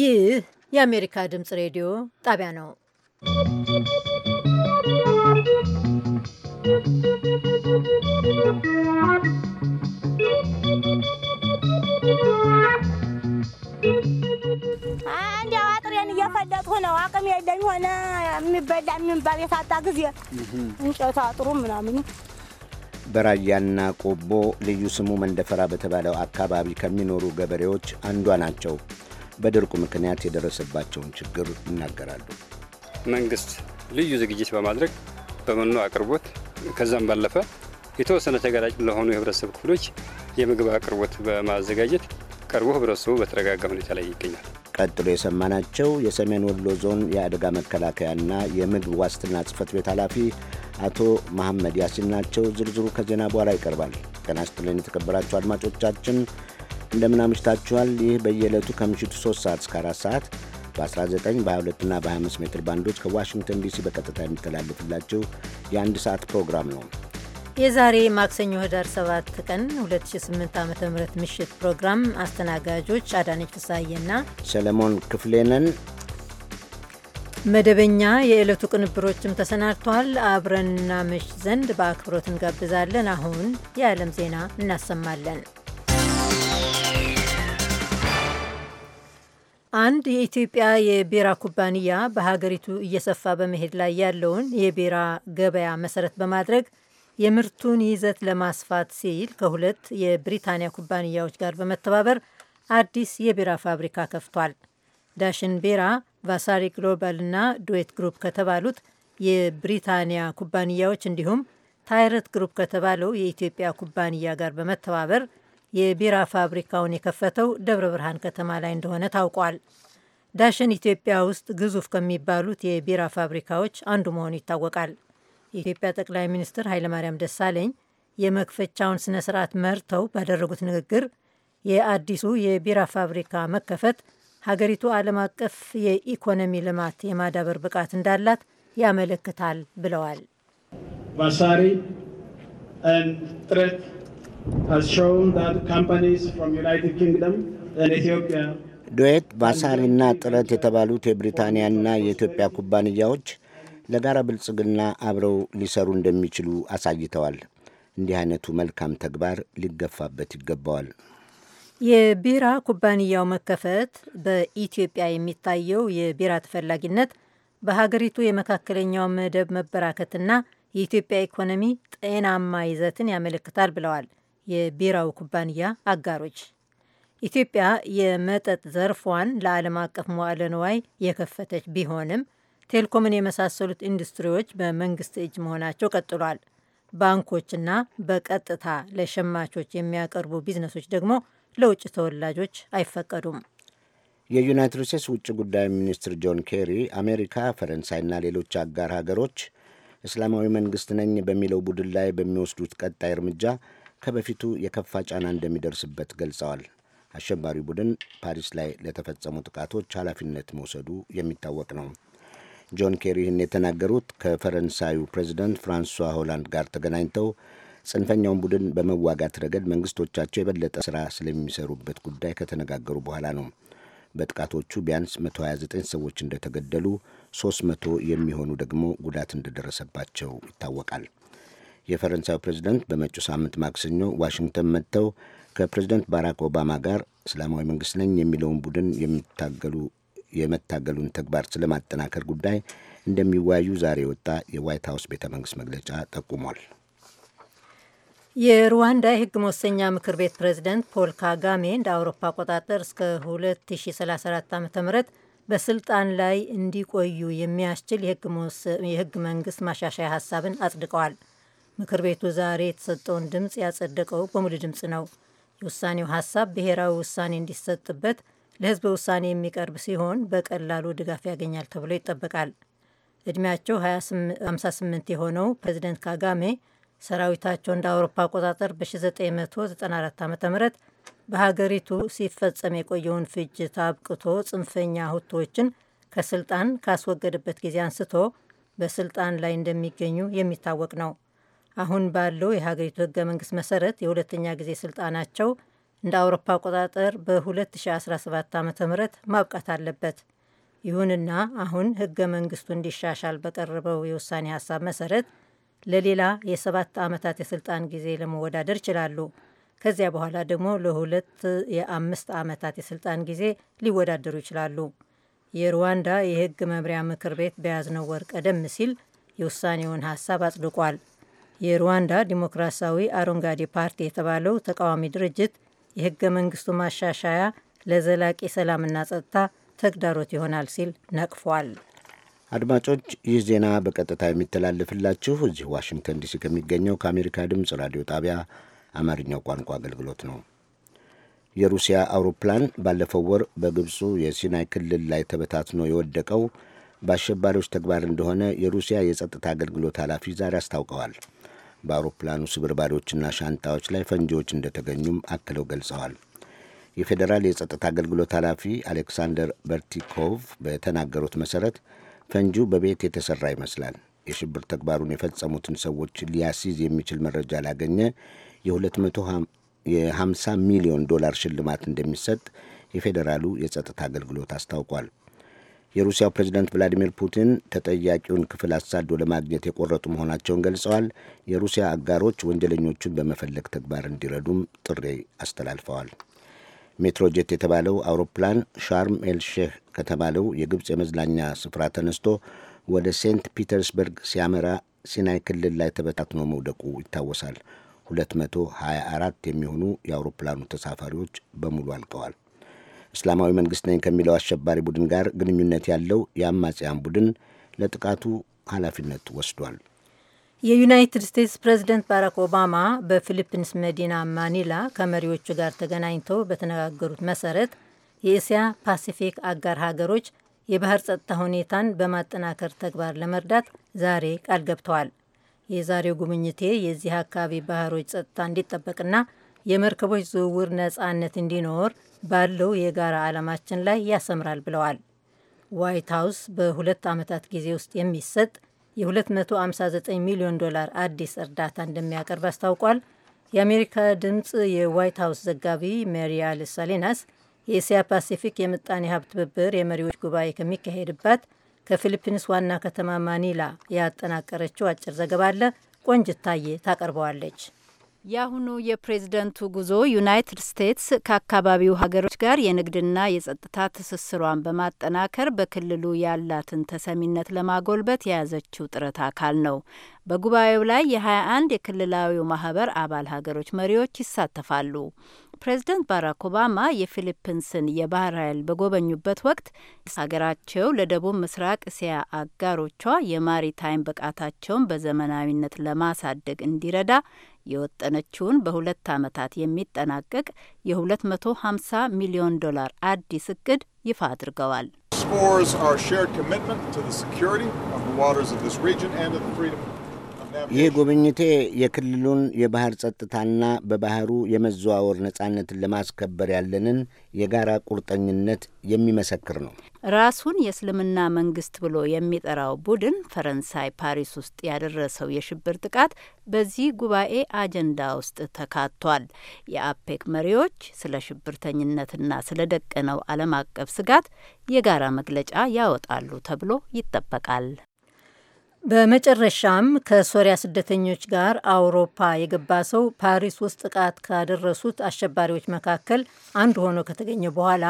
ይህ የአሜሪካ ድምፅ ሬዲዮ ጣቢያ ነው። እንዲያው አጥሬን እየፈለጥኩ ነው። አቅም የለኝ ሆነ የሚበላ የሚንባብ የሳጣ ጊዜ እንጨቱ አጥሩ ምናምን በራያና ቆቦ ልዩ ስሙ መንደፈራ በተባለው አካባቢ ከሚኖሩ ገበሬዎች አንዷ ናቸው። በድርቁ ምክንያት የደረሰባቸውን ችግር ይናገራሉ። መንግስት ልዩ ዝግጅት በማድረግ በመኖ አቅርቦት ከዛም ባለፈ የተወሰነ ተጋላጭ ለሆኑ የህብረተሰብ ክፍሎች የምግብ አቅርቦት በማዘጋጀት ቀርቦ ህብረተሰቡ በተረጋጋ ሁኔታ ላይ ይገኛል። ቀጥሎ የሰማናቸው የሰሜን ወሎ ዞን የአደጋ መከላከያና የምግብ ዋስትና ጽህፈት ቤት ኃላፊ አቶ መሐመድ ያሲን ናቸው። ዝርዝሩ ከዜና በኋላ ይቀርባል። ጤና ይስጥልኝ የተከበራችሁ አድማጮቻችን እንደምን አምሽታችኋል። ይህ በየዕለቱ ከምሽቱ 3 ሰዓት እስከ 4 ሰዓት በ19 በ22ና በ25 ሜትር ባንዶች ከዋሽንግተን ዲሲ በቀጥታ የሚተላለፍላችሁ የአንድ ሰዓት ፕሮግራም ነው። የዛሬ ማክሰኞ ህዳር 7 ቀን 2008 ዓ ም ምሽት ፕሮግራም አስተናጋጆች አዳነች ፍሳዬና ሰለሞን ክፍሌ ነን። መደበኛ የዕለቱ ቅንብሮችም ተሰናድተዋል። አብረንና እናመሽ ዘንድ በአክብሮት እንጋብዛለን። አሁን የዓለም ዜና እናሰማለን። አንድ የኢትዮጵያ የቢራ ኩባንያ በሀገሪቱ እየሰፋ በመሄድ ላይ ያለውን የቢራ ገበያ መሰረት በማድረግ የምርቱን ይዘት ለማስፋት ሲል ከሁለት የብሪታንያ ኩባንያዎች ጋር በመተባበር አዲስ የቢራ ፋብሪካ ከፍቷል። ዳሽን ቢራ ቫሳሪ ግሎባል እና ዱዌት ግሩፕ ከተባሉት የብሪታንያ ኩባንያዎች እንዲሁም ታይረት ግሩፕ ከተባለው የኢትዮጵያ ኩባንያ ጋር በመተባበር የቢራ ፋብሪካውን የከፈተው ደብረ ብርሃን ከተማ ላይ እንደሆነ ታውቋል። ዳሸን ኢትዮጵያ ውስጥ ግዙፍ ከሚባሉት የቢራ ፋብሪካዎች አንዱ መሆኑ ይታወቃል። የኢትዮጵያ ጠቅላይ ሚኒስትር ኃይለማርያም ደሳለኝ የመክፈቻውን ስነ ስርዓት መርተው ባደረጉት ንግግር የአዲሱ የቢራ ፋብሪካ መከፈት ሀገሪቱ ዓለም አቀፍ የኢኮኖሚ ልማት የማዳበር ብቃት እንዳላት ያመለክታል ብለዋል። ቫሳሪ ጥረት ዶዌት ቫሳሪና ጥረት የተባሉት የብሪታንያና የኢትዮጵያ ኩባንያዎች ለጋራ ብልጽግና አብረው ሊሰሩ እንደሚችሉ አሳይተዋል። እንዲህ አይነቱ መልካም ተግባር ሊገፋበት ይገባዋል። የቢራ ኩባንያው መከፈት በኢትዮጵያ የሚታየው የቢራ ተፈላጊነት በሀገሪቱ የመካከለኛው መደብ መበራከትና የኢትዮጵያ ኢኮኖሚ ጤናማ ይዘትን ያመለክታል ብለዋል የቢራው ኩባንያ አጋሮች። ኢትዮጵያ የመጠጥ ዘርፏን ለዓለም አቀፍ መዋለ ንዋይ የከፈተች ቢሆንም ቴሌኮምን የመሳሰሉት ኢንዱስትሪዎች በመንግስት እጅ መሆናቸው ቀጥሏል። ባንኮችና በቀጥታ ለሸማቾች የሚያቀርቡ ቢዝነሶች ደግሞ ለውጭ ተወላጆች አይፈቀዱም። የዩናይትድ ስቴትስ ውጭ ጉዳይ ሚኒስትር ጆን ኬሪ አሜሪካ፣ ፈረንሳይና ሌሎች አጋር ሀገሮች እስላማዊ መንግስት ነኝ በሚለው ቡድን ላይ በሚወስዱት ቀጣይ እርምጃ ከበፊቱ የከፋ ጫና እንደሚደርስበት ገልጸዋል። አሸባሪው ቡድን ፓሪስ ላይ ለተፈጸሙ ጥቃቶች ኃላፊነት መውሰዱ የሚታወቅ ነው። ጆን ኬሪ ይህን የተናገሩት ከፈረንሳዩ ፕሬዚደንት ፍራንሷ ሆላንድ ጋር ተገናኝተው ጽንፈኛውን ቡድን በመዋጋት ረገድ መንግስቶቻቸው የበለጠ ስራ ስለሚሰሩበት ጉዳይ ከተነጋገሩ በኋላ ነው። በጥቃቶቹ ቢያንስ 129 ሰዎች እንደተገደሉ 300 የሚሆኑ ደግሞ ጉዳት እንደደረሰባቸው ይታወቃል። የፈረንሳዩ ፕሬዚደንት በመጪው ሳምንት ማክሰኞ ዋሽንግተን መጥተው ከፕሬዚደንት ባራክ ኦባማ ጋር እስላማዊ መንግስት ነኝ የሚለውን ቡድን የሚታገሉ የመታገሉን ተግባር ስለማጠናከር ጉዳይ እንደሚወያዩ ዛሬ የወጣ የዋይት ሀውስ ቤተ መንግስት መግለጫ ጠቁሟል። የሩዋንዳ የህግ መወሰኛ ምክር ቤት ፕሬዝደንት ፖል ካጋሜ እንደ አውሮፓ አቆጣጠር እስከ 2034 ዓ ም በስልጣን ላይ እንዲቆዩ የሚያስችል የህግ መንግስት ማሻሻያ ሀሳብን አጽድቀዋል። ምክር ቤቱ ዛሬ የተሰጠውን ድምፅ ያጸደቀው በሙሉ ድምፅ ነው። የውሳኔው ሀሳብ ብሔራዊ ውሳኔ እንዲሰጥበት ለህዝብ ውሳኔ የሚቀርብ ሲሆን በቀላሉ ድጋፍ ያገኛል ተብሎ ይጠበቃል። እድሜያቸው 58 የሆነው ፕሬዚደንት ካጋሜ ሰራዊታቸው እንደ አውሮፓ አቆጣጠር በ1994 ዓ ም በሀገሪቱ ሲፈጸም የቆየውን ፍጅት አብቅቶ ጽንፈኛ ሁቶዎችን ከስልጣን ካስወገደበት ጊዜ አንስቶ በስልጣን ላይ እንደሚገኙ የሚታወቅ ነው። አሁን ባለው የሀገሪቱ ህገ መንግስት መሰረት የሁለተኛ ጊዜ ስልጣናቸው እንደ አውሮፓ አቆጣጠር በ2017 ዓ ም ማብቃት አለበት። ይሁንና አሁን ህገ መንግስቱ እንዲሻሻል በቀረበው የውሳኔ ሀሳብ መሰረት ለሌላ የሰባት ዓመታት የስልጣን ጊዜ ለመወዳደር ይችላሉ። ከዚያ በኋላ ደግሞ ለሁለት የአምስት ዓመታት የስልጣን ጊዜ ሊወዳደሩ ይችላሉ። የሩዋንዳ የህግ መምሪያ ምክር ቤት በያዝነው ወር ቀደም ሲል የውሳኔውን ሀሳብ አጽድቋል። የሩዋንዳ ዲሞክራሲያዊ አረንጓዴ ፓርቲ የተባለው ተቃዋሚ ድርጅት የህገ መንግስቱ ማሻሻያ ለዘላቂ ሰላምና ጸጥታ ተግዳሮት ይሆናል ሲል ነቅፏል። አድማጮች ይህ ዜና በቀጥታ የሚተላለፍላችሁ እዚህ ዋሽንግተን ዲሲ ከሚገኘው ከአሜሪካ ድምፅ ራዲዮ ጣቢያ አማርኛው ቋንቋ አገልግሎት ነው። የሩሲያ አውሮፕላን ባለፈው ወር በግብፁ የሲናይ ክልል ላይ ተበታትኖ የወደቀው በአሸባሪዎች ተግባር እንደሆነ የሩሲያ የጸጥታ አገልግሎት ኃላፊ ዛሬ አስታውቀዋል። በአውሮፕላኑ ስብርባሪዎችና ሻንጣዎች ላይ ፈንጂዎች እንደተገኙም አክለው ገልጸዋል። የፌዴራል የጸጥታ አገልግሎት ኃላፊ አሌክሳንደር በርቲኮቭ በተናገሩት መሠረት ፈንጂው በቤት የተሰራ ይመስላል። የሽብር ተግባሩን የፈጸሙትን ሰዎች ሊያስይዝ የሚችል መረጃ ላገኘ የ250 ሚሊዮን ዶላር ሽልማት እንደሚሰጥ የፌዴራሉ የጸጥታ አገልግሎት አስታውቋል። የሩሲያው ፕሬዚዳንት ቭላዲሚር ፑቲን ተጠያቂውን ክፍል አሳዶ ለማግኘት የቆረጡ መሆናቸውን ገልጸዋል። የሩሲያ አጋሮች ወንጀለኞቹን በመፈለግ ተግባር እንዲረዱም ጥሪ አስተላልፈዋል። ሜትሮጄት የተባለው አውሮፕላን ሻርም ኤልሼህ ከተባለው የግብፅ የመዝናኛ ስፍራ ተነስቶ ወደ ሴንት ፒተርስበርግ ሲያመራ ሲናይ ክልል ላይ ተበታትኖ መውደቁ ይታወሳል። 224 የሚሆኑ የአውሮፕላኑ ተሳፋሪዎች በሙሉ አልቀዋል። እስላማዊ መንግሥት ነኝ ከሚለው አሸባሪ ቡድን ጋር ግንኙነት ያለው የአማጽያን ቡድን ለጥቃቱ ኃላፊነት ወስዷል። የዩናይትድ ስቴትስ ፕሬዝደንት ባራክ ኦባማ በፊሊፒንስ መዲና ማኒላ ከመሪዎቹ ጋር ተገናኝተው በተነጋገሩት መሰረት የእስያ ፓሲፊክ አጋር ሀገሮች የባህር ጸጥታ ሁኔታን በማጠናከር ተግባር ለመርዳት ዛሬ ቃል ገብተዋል። የዛሬው ጉብኝቴ የዚህ አካባቢ ባህሮች ጸጥታ እንዲጠበቅና የመርከቦች ዝውውር ነጻነት እንዲኖር ባለው የጋራ ዓላማችን ላይ ያሰምራል ብለዋል። ዋይት ሀውስ በሁለት ዓመታት ጊዜ ውስጥ የሚሰጥ የ259 ሚሊዮን ዶላር አዲስ እርዳታ እንደሚያቀርብ አስታውቋል። የአሜሪካ ድምፅ የዋይት ሀውስ ዘጋቢ ሜሪ ሳሊናስ የእስያ ፓሲፊክ የምጣኔ ሀብት ትብብር የመሪዎች ጉባኤ ከሚካሄድባት ከፊሊፒንስ ዋና ከተማ ማኒላ ያጠናቀረችው አጭር ዘገባ አለ። ቆንጅታዬ ታቀርበዋለች። የአሁኑ የፕሬዝደንቱ ጉዞ ዩናይትድ ስቴትስ ከአካባቢው ሀገሮች ጋር የንግድና የጸጥታ ትስስሯን በማጠናከር በክልሉ ያላትን ተሰሚነት ለማጎልበት የያዘችው ጥረት አካል ነው። በጉባኤው ላይ የ21 የክልላዊው ማህበር አባል ሀገሮች መሪዎች ይሳተፋሉ። ፕሬዝደንት ባራክ ኦባማ የፊሊፒንስን የባህር ኃይል በጎበኙበት ወቅት ሀገራቸው ለደቡብ ምስራቅ እስያ አጋሮቿ የማሪታይም ብቃታቸውን በዘመናዊነት ለማሳደግ እንዲረዳ የወጠነችውን በሁለት ዓመታት የሚጠናቀቅ የ250 ሚሊዮን ዶላር አዲስ እቅድ ይፋ አድርገዋል። ይህ ጉብኝቴ የክልሉን የባህር ጸጥታና በባህሩ የመዘዋወር ነጻነትን ለማስከበር ያለንን የጋራ ቁርጠኝነት የሚመሰክር ነው። ራሱን የእስልምና መንግስት ብሎ የሚጠራው ቡድን ፈረንሳይ ፓሪስ ውስጥ ያደረሰው የሽብር ጥቃት በዚህ ጉባኤ አጀንዳ ውስጥ ተካቷል። የአፔክ መሪዎች ስለ ሽብርተኝነትና ስለ ደቀነው ዓለም አቀፍ ስጋት የጋራ መግለጫ ያወጣሉ ተብሎ ይጠበቃል። በመጨረሻም ከሶሪያ ስደተኞች ጋር አውሮፓ የገባ ሰው ፓሪስ ውስጥ ጥቃት ካደረሱት አሸባሪዎች መካከል አንዱ ሆኖ ከተገኘ በኋላ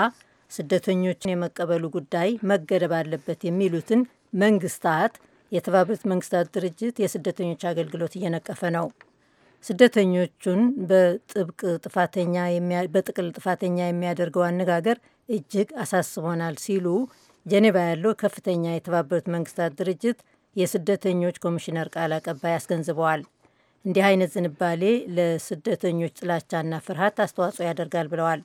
ስደተኞችን የመቀበሉ ጉዳይ መገደብ አለበት የሚሉትን መንግስታት የተባበሩት መንግስታት ድርጅት የስደተኞች አገልግሎት እየነቀፈ ነው። ስደተኞቹን በጥብቅ ጥፋተኛ በጥቅል ጥፋተኛ የሚያደርገው አነጋገር እጅግ አሳስቦናል ሲሉ ጄኔቫ ያለው ከፍተኛ የተባበሩት መንግስታት ድርጅት የስደተኞች ኮሚሽነር ቃል አቀባይ አስገንዝበዋል። እንዲህ አይነት ዝንባሌ ለስደተኞች ጥላቻና ፍርሃት አስተዋጽኦ ያደርጋል ብለዋል።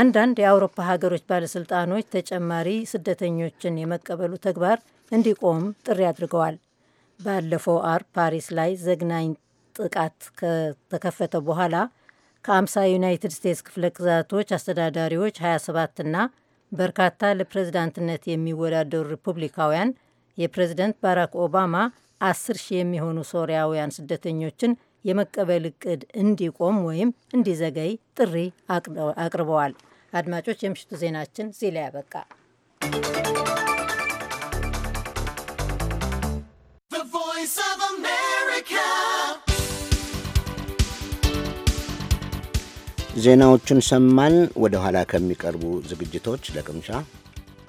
አንዳንድ የአውሮፓ ሀገሮች ባለስልጣኖች ተጨማሪ ስደተኞችን የመቀበሉ ተግባር እንዲቆም ጥሪ አድርገዋል። ባለፈው አርብ ፓሪስ ላይ ዘግናኝ ጥቃት ከተከፈተ በኋላ ከአምሳ ዩናይትድ ስቴትስ ክፍለ ግዛቶች አስተዳዳሪዎች 27ና በርካታ ለፕሬዝዳንትነት የሚወዳደሩ ሪፑብሊካውያን የፕሬዝደንት ባራክ ኦባማ አስር ሺህ የሚሆኑ ሶሪያውያን ስደተኞችን የመቀበል እቅድ እንዲቆም ወይም እንዲዘገይ ጥሪ አቅርበዋል። አድማጮች፣ የምሽቱ ዜናችን እዚህ ላይ ያበቃ። ዜናዎቹን ሰማን። ወደ ኋላ ከሚቀርቡ ዝግጅቶች ለቅምሻ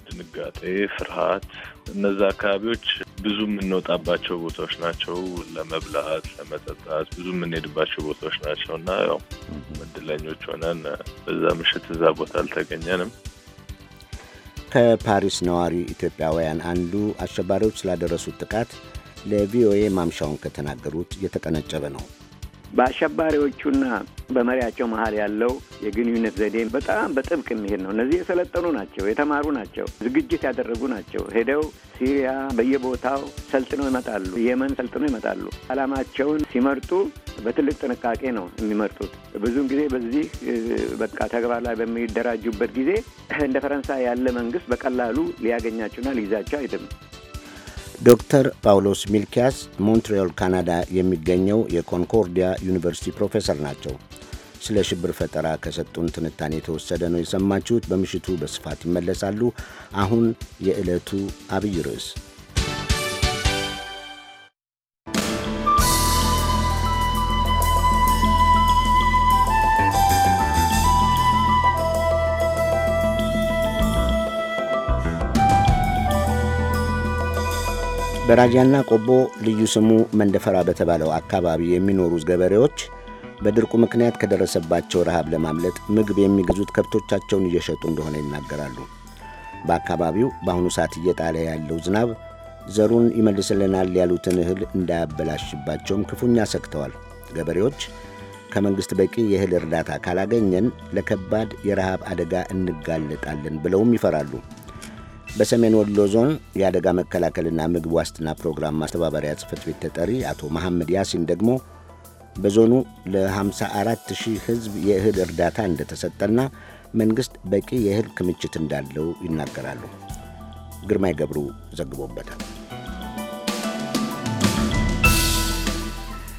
ድንጋጤ፣ ፍርሃት እነዛ አካባቢዎች ብዙ የምንወጣባቸው ቦታዎች ናቸው። ለመብላት፣ ለመጠጣት ብዙ የምንሄድባቸው ቦታዎች ናቸው እና ያው እድለኞች ሆነን በዛ ምሽት እዛ ቦታ አልተገኘንም። ከፓሪስ ነዋሪ ኢትዮጵያውያን አንዱ አሸባሪዎች ስላደረሱት ጥቃት ለቪኦኤ ማምሻውን ከተናገሩት የተቀነጨበ ነው። በአሸባሪዎቹና በመሪያቸው መሀል ያለው የግንኙነት ዘዴ በጣም በጥብቅ የሚሄድ ነው። እነዚህ የሰለጠኑ ናቸው፣ የተማሩ ናቸው፣ ዝግጅት ያደረጉ ናቸው። ሄደው ሲሪያ በየቦታው ሰልጥነው ይመጣሉ። የመን ሰልጥነው ይመጣሉ። አላማቸውን ሲመርጡ በትልቅ ጥንቃቄ ነው የሚመርጡት። ብዙን ጊዜ በዚህ በቃ ተግባር ላይ በሚደራጁበት ጊዜ እንደ ፈረንሳይ ያለ መንግስት በቀላሉ ሊያገኛቸውና ሊይዛቸው አይደለም። ዶክተር ጳውሎስ ሚልኪያስ ሞንትሪያል ካናዳ የሚገኘው የኮንኮርዲያ ዩኒቨርሲቲ ፕሮፌሰር ናቸው። ስለ ሽብር ፈጠራ ከሰጡን ትንታኔ የተወሰደ ነው የሰማችሁት። በምሽቱ በስፋት ይመለሳሉ። አሁን የዕለቱ አብይ ርዕስ በራጃና ቆቦ ልዩ ስሙ መንደፈራ በተባለው አካባቢ የሚኖሩ ገበሬዎች በድርቁ ምክንያት ከደረሰባቸው ረሃብ ለማምለጥ ምግብ የሚገዙት ከብቶቻቸውን እየሸጡ እንደሆነ ይናገራሉ። በአካባቢው በአሁኑ ሰዓት እየጣለ ያለው ዝናብ ዘሩን ይመልስልናል ያሉትን እህል እንዳያበላሽባቸውም ክፉኛ ሰግተዋል። ገበሬዎች ከመንግሥት በቂ የእህል እርዳታ ካላገኘን ለከባድ የረሃብ አደጋ እንጋለጣለን ብለውም ይፈራሉ። በሰሜን ወሎ ዞን የአደጋ መከላከልና ምግብ ዋስትና ፕሮግራም ማስተባበሪያ ጽህፈት ቤት ተጠሪ አቶ መሐመድ ያሲን ደግሞ በዞኑ ለ54 ሺህ ህዝብ የእህል እርዳታ እንደተሰጠና መንግሥት በቂ የእህል ክምችት እንዳለው ይናገራሉ። ግርማይ ገብሩ ዘግቦበታል።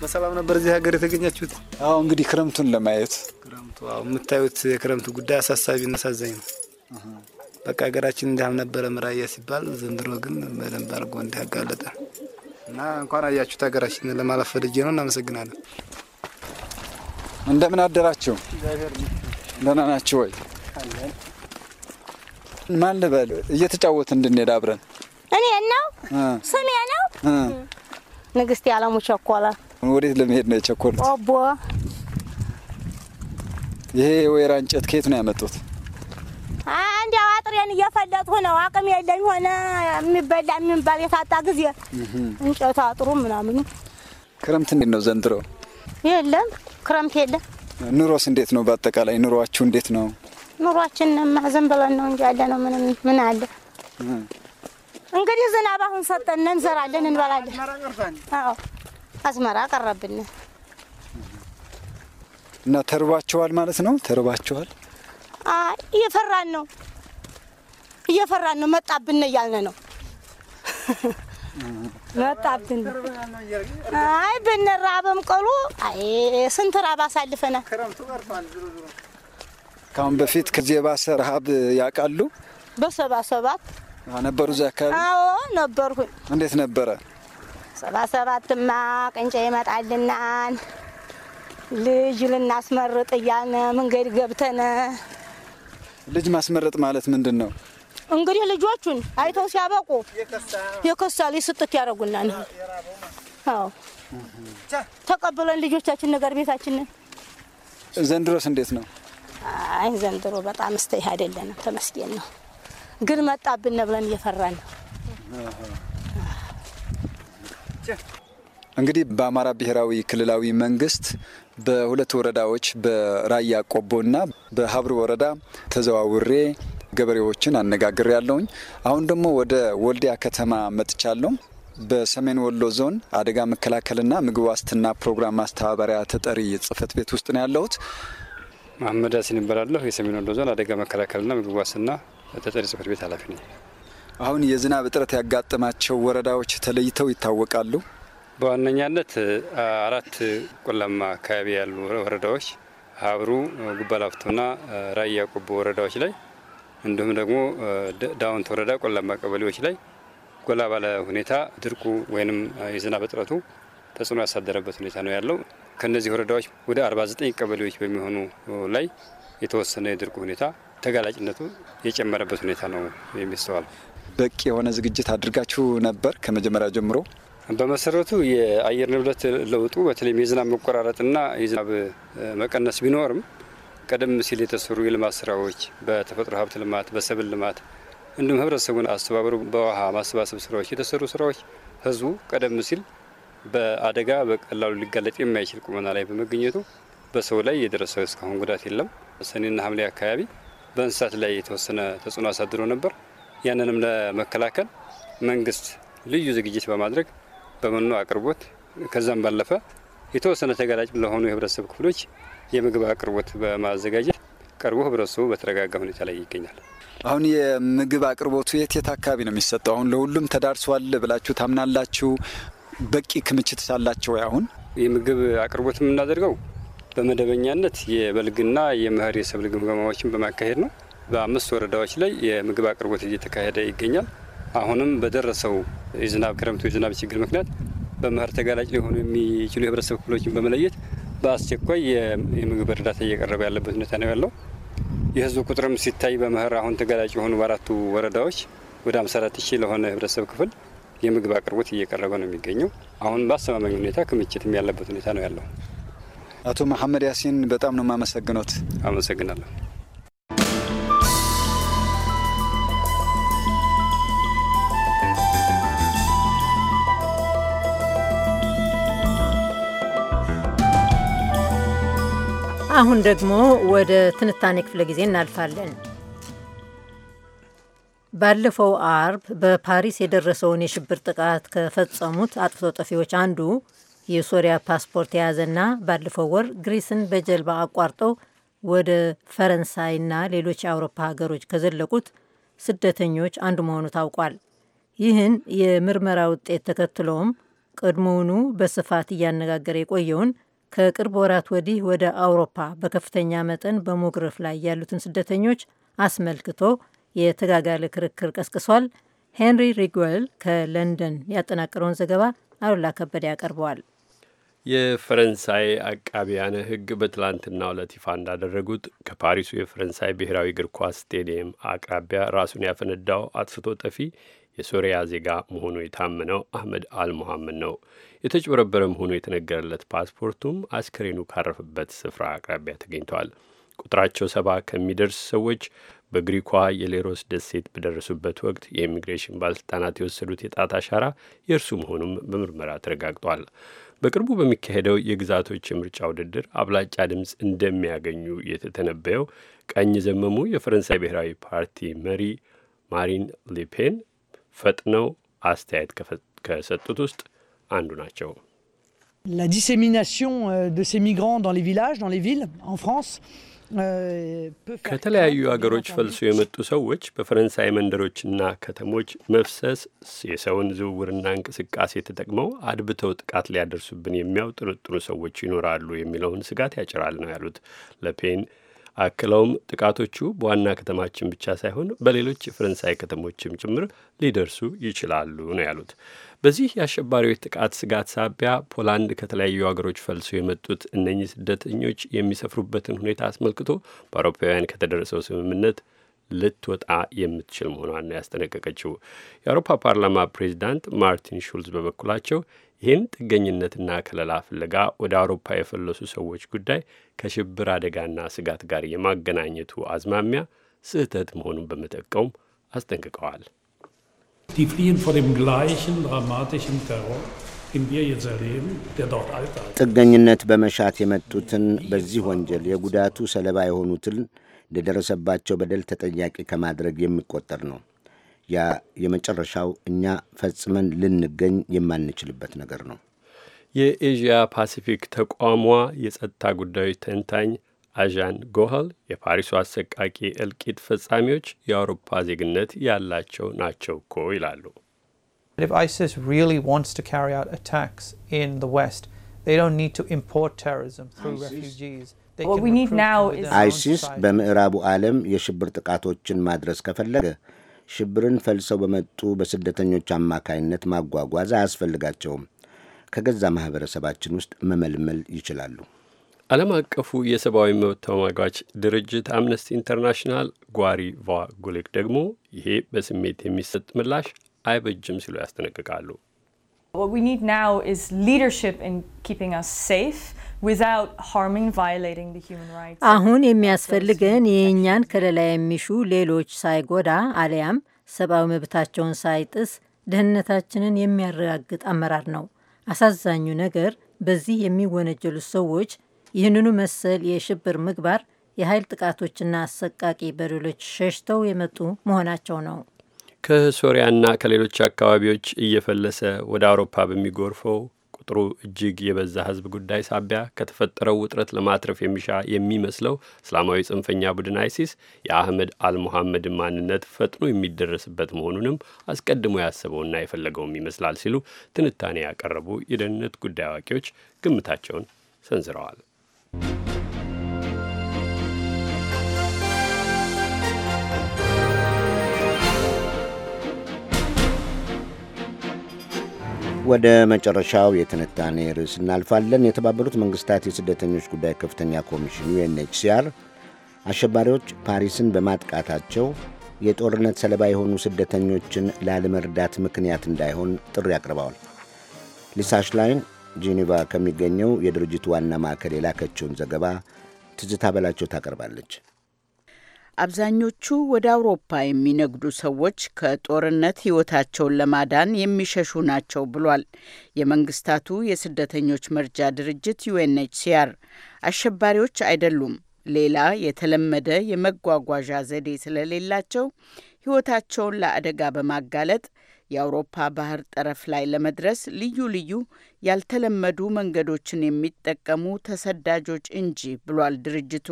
በሰላም ነበር እዚህ ሀገር የተገኛችሁት? አዎ እንግዲህ ክረምቱን ለማየት ክረምቱ የምታዩት የክረምቱ ጉዳይ አሳሳቢ እና ነው። በቃ ሀገራችን እንዳልነበረ ምራያ ሲባል ዘንድሮ ግን በደንብ አድርጎ እንዲያጋለጠ እና እንኳን አያችሁት ሀገራችን ለማለፍ ፈልጌ ነው። እናመሰግናለን። እንደምን አደራችሁ? ደህና ናችሁ ወይ? ማን ልበል? እየተጫወት እንድንሄድ አብረን እኔ ነው ስሜ ነው ንግስት ያለሙ ቸኮላ። ወዴት ለመሄድ ነው የቸኮሉት? ኦቦ። ይሄ ወይራ እንጨት ከየት ነው ያመጡት? እንዲያው አጥሬን እየፈለጥሁ ነው። አቅም የለኝ ሆነ የሚበላ የሚባል የታጣ ጊዜ እንጨቱ አጥሩ ምናምኑ። ክረምት እንዴት ነው ዘንድሮ? የለም ክረምት የለም። ኑሮስ እንዴት ነው? በአጠቃላይ ኑሯችሁ እንዴት ነው? ኑሯችን ዝም ብለን ነው እንጂ ያለ ነው ምንም ምን አለ እንግዲህ ዝናብ አሁን ሰጠን፣ እንዘራለን፣ እንበላለን። አዎ አስመራ ቀረብን እና ተርባችኋል ማለት ነው። ተርባችኋል እየፈራን ነው እየፈራን ነው መጣብን እያልን ነው መጣብን። አይ ብንራብም ቆሎ አይ ስንት ራብ አሳልፈናል። ካሁን በፊት ከዚህ የባሰ ረሃብ ያውቃሉ? በሰባ ሰባት ነበሩ እዚያ አካባቢ? አዎ ነበርኩኝ። እንዴት ነበረ? ሰባ ሰባትማ ቅንጨ ይመጣልናል ልጅ ልናስመርጥ እያልን መንገድ ገብተን ልጅ ማስመረጥ ማለት ምንድን ነው? እንግዲህ ልጆቹን አይተው ሲያበቁ የከሳል ስጥት ያደረጉና ነው። አዎ ተቀብለን ልጆቻችን ነገር ቤታችንን። ዘንድሮስ እንዴት ነው? አይ ዘንድሮ በጣም እስተይህ አይደለንም፣ ተመስገን ነው። ግን መጣብን ብለን እየፈራን ነው። እንግዲህ በአማራ ብሔራዊ ክልላዊ መንግስት በሁለት ወረዳዎች በራያ ቆቦና በሀብር ወረዳ ተዘዋውሬ ገበሬዎችን አነጋግሬ ያለውኝ። አሁን ደግሞ ወደ ወልዲያ ከተማ መጥቻለሁ። በሰሜን ወሎ ዞን አደጋ መከላከልና ምግብ ዋስትና ፕሮግራም ማስተባበሪያ ተጠሪ ጽህፈት ቤት ውስጥ ነው ያለሁት። መሀመድ ያሲን ይባላለሁ። የሰሜን ወሎ ዞን አደጋ መከላከልና ምግብ ዋስትና ተጠሪ ጽህፈት ቤት ኃላፊ ነኝ። አሁን የዝናብ እጥረት ያጋጠማቸው ወረዳዎች ተለይተው ይታወቃሉ? በዋነኛነት አራት ቆላማ አካባቢ ያሉ ወረዳዎች ሀብሩ፣ ጉባላፍቶና ራያ ቆቦ ወረዳዎች ላይ እንዲሁም ደግሞ ዳውንት ወረዳ ቆላማ ቀበሌዎች ላይ ጎላ ባለ ሁኔታ ድርቁ ወይንም የዝናብ እጥረቱ ተጽዕኖ ያሳደረበት ሁኔታ ነው ያለው። ከእነዚህ ወረዳዎች ወደ 49 ቀበሌዎች በሚሆኑ ላይ የተወሰነ የድርቁ ሁኔታ ተጋላጭነቱ የጨመረበት ሁኔታ ነው የሚስተዋል። በቂ የሆነ ዝግጅት አድርጋችሁ ነበር ከመጀመሪያ ጀምሮ? በመሰረቱ የአየር ንብረት ለውጡ በተለይም የዝናብ መቆራረጥና የዝናብ መቀነስ ቢኖርም ቀደም ሲል የተሰሩ የልማት ስራዎች በተፈጥሮ ሀብት ልማት፣ በሰብል ልማት እንዲሁም ህብረተሰቡን አስተባበሩ በውሃ ማሰባሰብ ስራዎች የተሰሩ ስራዎች ህዝቡ ቀደም ሲል በአደጋ በቀላሉ ሊጋለጥ የማይችል ቁመና ላይ በመገኘቱ በሰው ላይ የደረሰው እስካሁን ጉዳት የለም። ሰኔና ሐምሌ አካባቢ በእንስሳት ላይ የተወሰነ ተጽዕኖ አሳድሮ ነበር። ያንንም ለመከላከል መንግስት ልዩ ዝግጅት በማድረግ በመኖ አቅርቦት ከዛም ባለፈ የተወሰነ ተጋላጭ ለሆኑ የህብረተሰብ ክፍሎች የምግብ አቅርቦት በማዘጋጀት ቀርቦ ህብረተሰቡ በተረጋጋ ሁኔታ ላይ ይገኛል። አሁን የምግብ አቅርቦቱ የት የት አካባቢ ነው የሚሰጠው? አሁን ለሁሉም ተዳርሷል ብላችሁ ታምናላችሁ? በቂ ክምችት ሳላቸው አሁን የምግብ አቅርቦት የምናደርገው በመደበኛነት የበልግና የመኸር የሰብል ግምገማዎችን በማካሄድ ነው። በአምስት ወረዳዎች ላይ የምግብ አቅርቦት እየተካሄደ ይገኛል። አሁንም በደረሰው የዝናብ ክረምቱ የዝናብ ችግር ምክንያት በመኸር ተጋላጭ ሊሆኑ የሚችሉ የህብረተሰብ ክፍሎችን በመለየት በአስቸኳይ የምግብ እርዳታ እየቀረበ ያለበት ሁኔታ ነው ያለው። የህዝቡ ቁጥርም ሲታይ በመኸር አሁን ተጋላጭ የሆኑ በአራቱ ወረዳዎች ወደ 54 ሺህ ለሆነ ህብረተሰብ ክፍል የምግብ አቅርቦት እየቀረበ ነው የሚገኘው። አሁን በአስተማማኝ ሁኔታ ክምችትም ያለበት ሁኔታ ነው ያለው። አቶ መሐመድ ያሲን በጣም ነው የማመሰግኖት። አመሰግናለሁ። አሁን ደግሞ ወደ ትንታኔ ክፍለ ጊዜ እናልፋለን። ባለፈው አርብ በፓሪስ የደረሰውን የሽብር ጥቃት ከፈጸሙት አጥፍቶ ጠፊዎች አንዱ የሶሪያ ፓስፖርት የያዘና ባለፈው ወር ግሪስን በጀልባ አቋርጠው ወደ ፈረንሳይና ሌሎች የአውሮፓ ሀገሮች ከዘለቁት ስደተኞች አንዱ መሆኑ ታውቋል። ይህን የምርመራ ውጤት ተከትሎም ቀድሞውኑ በስፋት እያነጋገረ የቆየውን ከቅርብ ወራት ወዲህ ወደ አውሮፓ በከፍተኛ መጠን በሞግረፍ ላይ ያሉትን ስደተኞች አስመልክቶ የተጋጋለ ክርክር ቀስቅሷል። ሄንሪ ሪግዌል ከለንደን ያጠናቀረውን ዘገባ አሉላ ከበደ ያቀርበዋል። የፈረንሳይ አቃቢያነ ሕግ በትላንትና ዕለት ይፋ እንዳደረጉት ከፓሪሱ የፈረንሳይ ብሔራዊ እግር ኳስ ስቴዲየም አቅራቢያ ራሱን ያፈነዳው አጥፍቶ ጠፊ የሶሪያ ዜጋ መሆኑ የታመነው አህመድ አልሙሐመድ ነው። የተጭበረበረ መሆኑ የተነገረለት ፓስፖርቱም አስከሬኑ ካረፈበት ስፍራ አቅራቢያ ተገኝቷል። ቁጥራቸው ሰባ ከሚደርስ ሰዎች በግሪኳ የሌሮስ ደሴት በደረሱበት ወቅት የኢሚግሬሽን ባለሥልጣናት የወሰዱት የጣት አሻራ የእርሱ መሆኑም በምርመራ ተረጋግጧል። በቅርቡ በሚካሄደው የግዛቶች የምርጫ ውድድር አብላጫ ድምፅ እንደሚያገኙ የተተነበየው ቀኝ ዘመሙ የፈረንሳይ ብሔራዊ ፓርቲ መሪ ማሪን ሌፔን ፈጥነው አስተያየት ከሰጡት ውስጥ አንዱ ናቸው። La dissémination euh, de ces migrants dans les villages, dans les villes, en France. Euh, ከተለያዩ አገሮች ፈልሶ የመጡ ሰዎች በፈረንሳይ መንደሮችና ከተሞች መፍሰስ የሰውን ዝውውርና እንቅስቃሴ ተጠቅመው አድብተው ጥቃት ሊያደርሱብን የሚያውጠነጥኑ ሰዎች ይኖራሉ የሚለውን ስጋት ያጭራል ነው ያሉት ለፔን አክለውም ጥቃቶቹ በዋና ከተማችን ብቻ ሳይሆን በሌሎች የፈረንሳይ ከተሞችም ጭምር ሊደርሱ ይችላሉ ነው ያሉት። በዚህ የአሸባሪዎች ጥቃት ስጋት ሳቢያ ፖላንድ ከተለያዩ ሀገሮች ፈልሶ የመጡት እነኚህ ስደተኞች የሚሰፍሩበትን ሁኔታ አስመልክቶ በአውሮፓውያን ከተደረሰው ስምምነት ልትወጣ የምትችል መሆኗን ያስጠነቀቀችው የአውሮፓ ፓርላማ ፕሬዚዳንት ማርቲን ሹልዝ በበኩላቸው ይህን ጥገኝነትና ከለላ ፍለጋ ወደ አውሮፓ የፈለሱ ሰዎች ጉዳይ ከሽብር አደጋና ስጋት ጋር የማገናኘቱ አዝማሚያ ስህተት መሆኑን በመጠቀውም አስጠንቅቀዋል። ጥገኝነት በመሻት የመጡትን በዚህ ወንጀል የጉዳቱ ሰለባ የሆኑትን ለደረሰባቸው በደል ተጠያቂ ከማድረግ የሚቆጠር ነው። ያ የመጨረሻው እኛ ፈጽመን ልንገኝ የማንችልበት ነገር ነው። የኤዥያ ፓሲፊክ ተቋሟ የጸጥታ ጉዳዮች ተንታኝ አዣን ጎኸል የፓሪሱ አሰቃቂ እልቂት ፈጻሚዎች የአውሮፓ ዜግነት ያላቸው ናቸው እኮ ይላሉ። አይሲስ በምዕራቡ ዓለም የሽብር ጥቃቶችን ማድረስ ከፈለገ ሽብርን ፈልሰው በመጡ በስደተኞች አማካይነት ማጓጓዝ አያስፈልጋቸውም። ከገዛ ማህበረሰባችን ውስጥ መመልመል ይችላሉ። ዓለም አቀፉ የሰብአዊ መብት ተሟጋች ድርጅት አምነስቲ ኢንተርናሽናል ጓሪ ቫ ጉሌክ ደግሞ ይሄ በስሜት የሚሰጥ ምላሽ አይበጅም ሲሉ ያስጠነቅቃሉ። What we need now is leadership in keeping us safe. አሁን የሚያስፈልገን የእኛን ከለላ የሚሹ ሌሎች ሳይጎዳ አሊያም ሰብአዊ መብታቸውን ሳይጥስ ደህንነታችንን የሚያረጋግጥ አመራር ነው። አሳዛኙ ነገር በዚህ የሚወነጀሉት ሰዎች ይህንኑ መሰል የሽብር ምግባር፣ የኃይል ጥቃቶችና አሰቃቂ በደሎች ሸሽተው የመጡ መሆናቸው ነው። ከሶሪያና ከሌሎች አካባቢዎች እየፈለሰ ወደ አውሮፓ በሚጎርፈው ቁጥሩ እጅግ የበዛ ህዝብ ጉዳይ ሳቢያ ከተፈጠረው ውጥረት ለማትረፍ የሚሻ የሚመስለው እስላማዊ ጽንፈኛ ቡድን አይሲስ የአህመድ አልሙሐመድ ማንነት ፈጥኖ የሚደረስበት መሆኑንም አስቀድሞ ያሰበውና የፈለገውም ይመስላል ሲሉ ትንታኔ ያቀረቡ የደህንነት ጉዳይ አዋቂዎች ግምታቸውን ሰንዝረዋል። ወደ መጨረሻው የትንታኔ ርዕስ እናልፋለን። የተባበሩት መንግስታት የስደተኞች ጉዳይ ከፍተኛ ኮሚሽን ዩኤንኤችሲአር አሸባሪዎች ፓሪስን በማጥቃታቸው የጦርነት ሰለባ የሆኑ ስደተኞችን ላለመርዳት ምክንያት እንዳይሆን ጥሪ አቅርበዋል። ሊሳ ሽላይን ጄኔቫ ከሚገኘው የድርጅቱ ዋና ማዕከል የላከችውን ዘገባ ትዝታ በላቸው ታቀርባለች። አብዛኞቹ ወደ አውሮፓ የሚነግዱ ሰዎች ከጦርነት ሕይወታቸውን ለማዳን የሚሸሹ ናቸው ብሏል የመንግስታቱ የስደተኞች መርጃ ድርጅት ዩኤንኤችሲአር። አሸባሪዎች አይደሉም፣ ሌላ የተለመደ የመጓጓዣ ዘዴ ስለሌላቸው ሕይወታቸውን ለአደጋ በማጋለጥ የአውሮፓ ባህር ጠረፍ ላይ ለመድረስ ልዩ ልዩ ያልተለመዱ መንገዶችን የሚጠቀሙ ተሰዳጆች እንጂ ብሏል ድርጅቱ።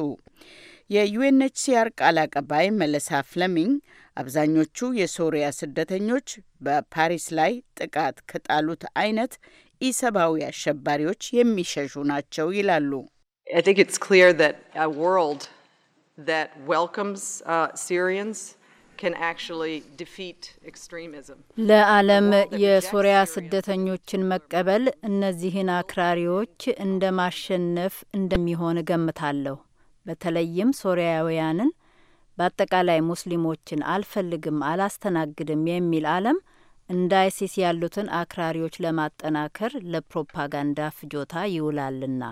የዩኤንኤችሲአር ቃል አቀባይ መለሳ ፍለሚንግ አብዛኞቹ የሶሪያ ስደተኞች በፓሪስ ላይ ጥቃት ከጣሉት አይነት ኢሰብአዊ አሸባሪዎች የሚሸሹ ናቸው ይላሉ። uh, ለዓለም የሶሪያ ስደተኞችን መቀበል እነዚህን አክራሪዎች እንደ ማሸነፍ እንደሚሆን እገምታለሁ። በተለይም ሶሪያውያንን በአጠቃላይ ሙስሊሞችን አልፈልግም፣ አላስተናግድም የሚል ዓለም እንደ አይሲስ ያሉትን አክራሪዎች ለማጠናከር ለፕሮፓጋንዳ ፍጆታ ይውላልና።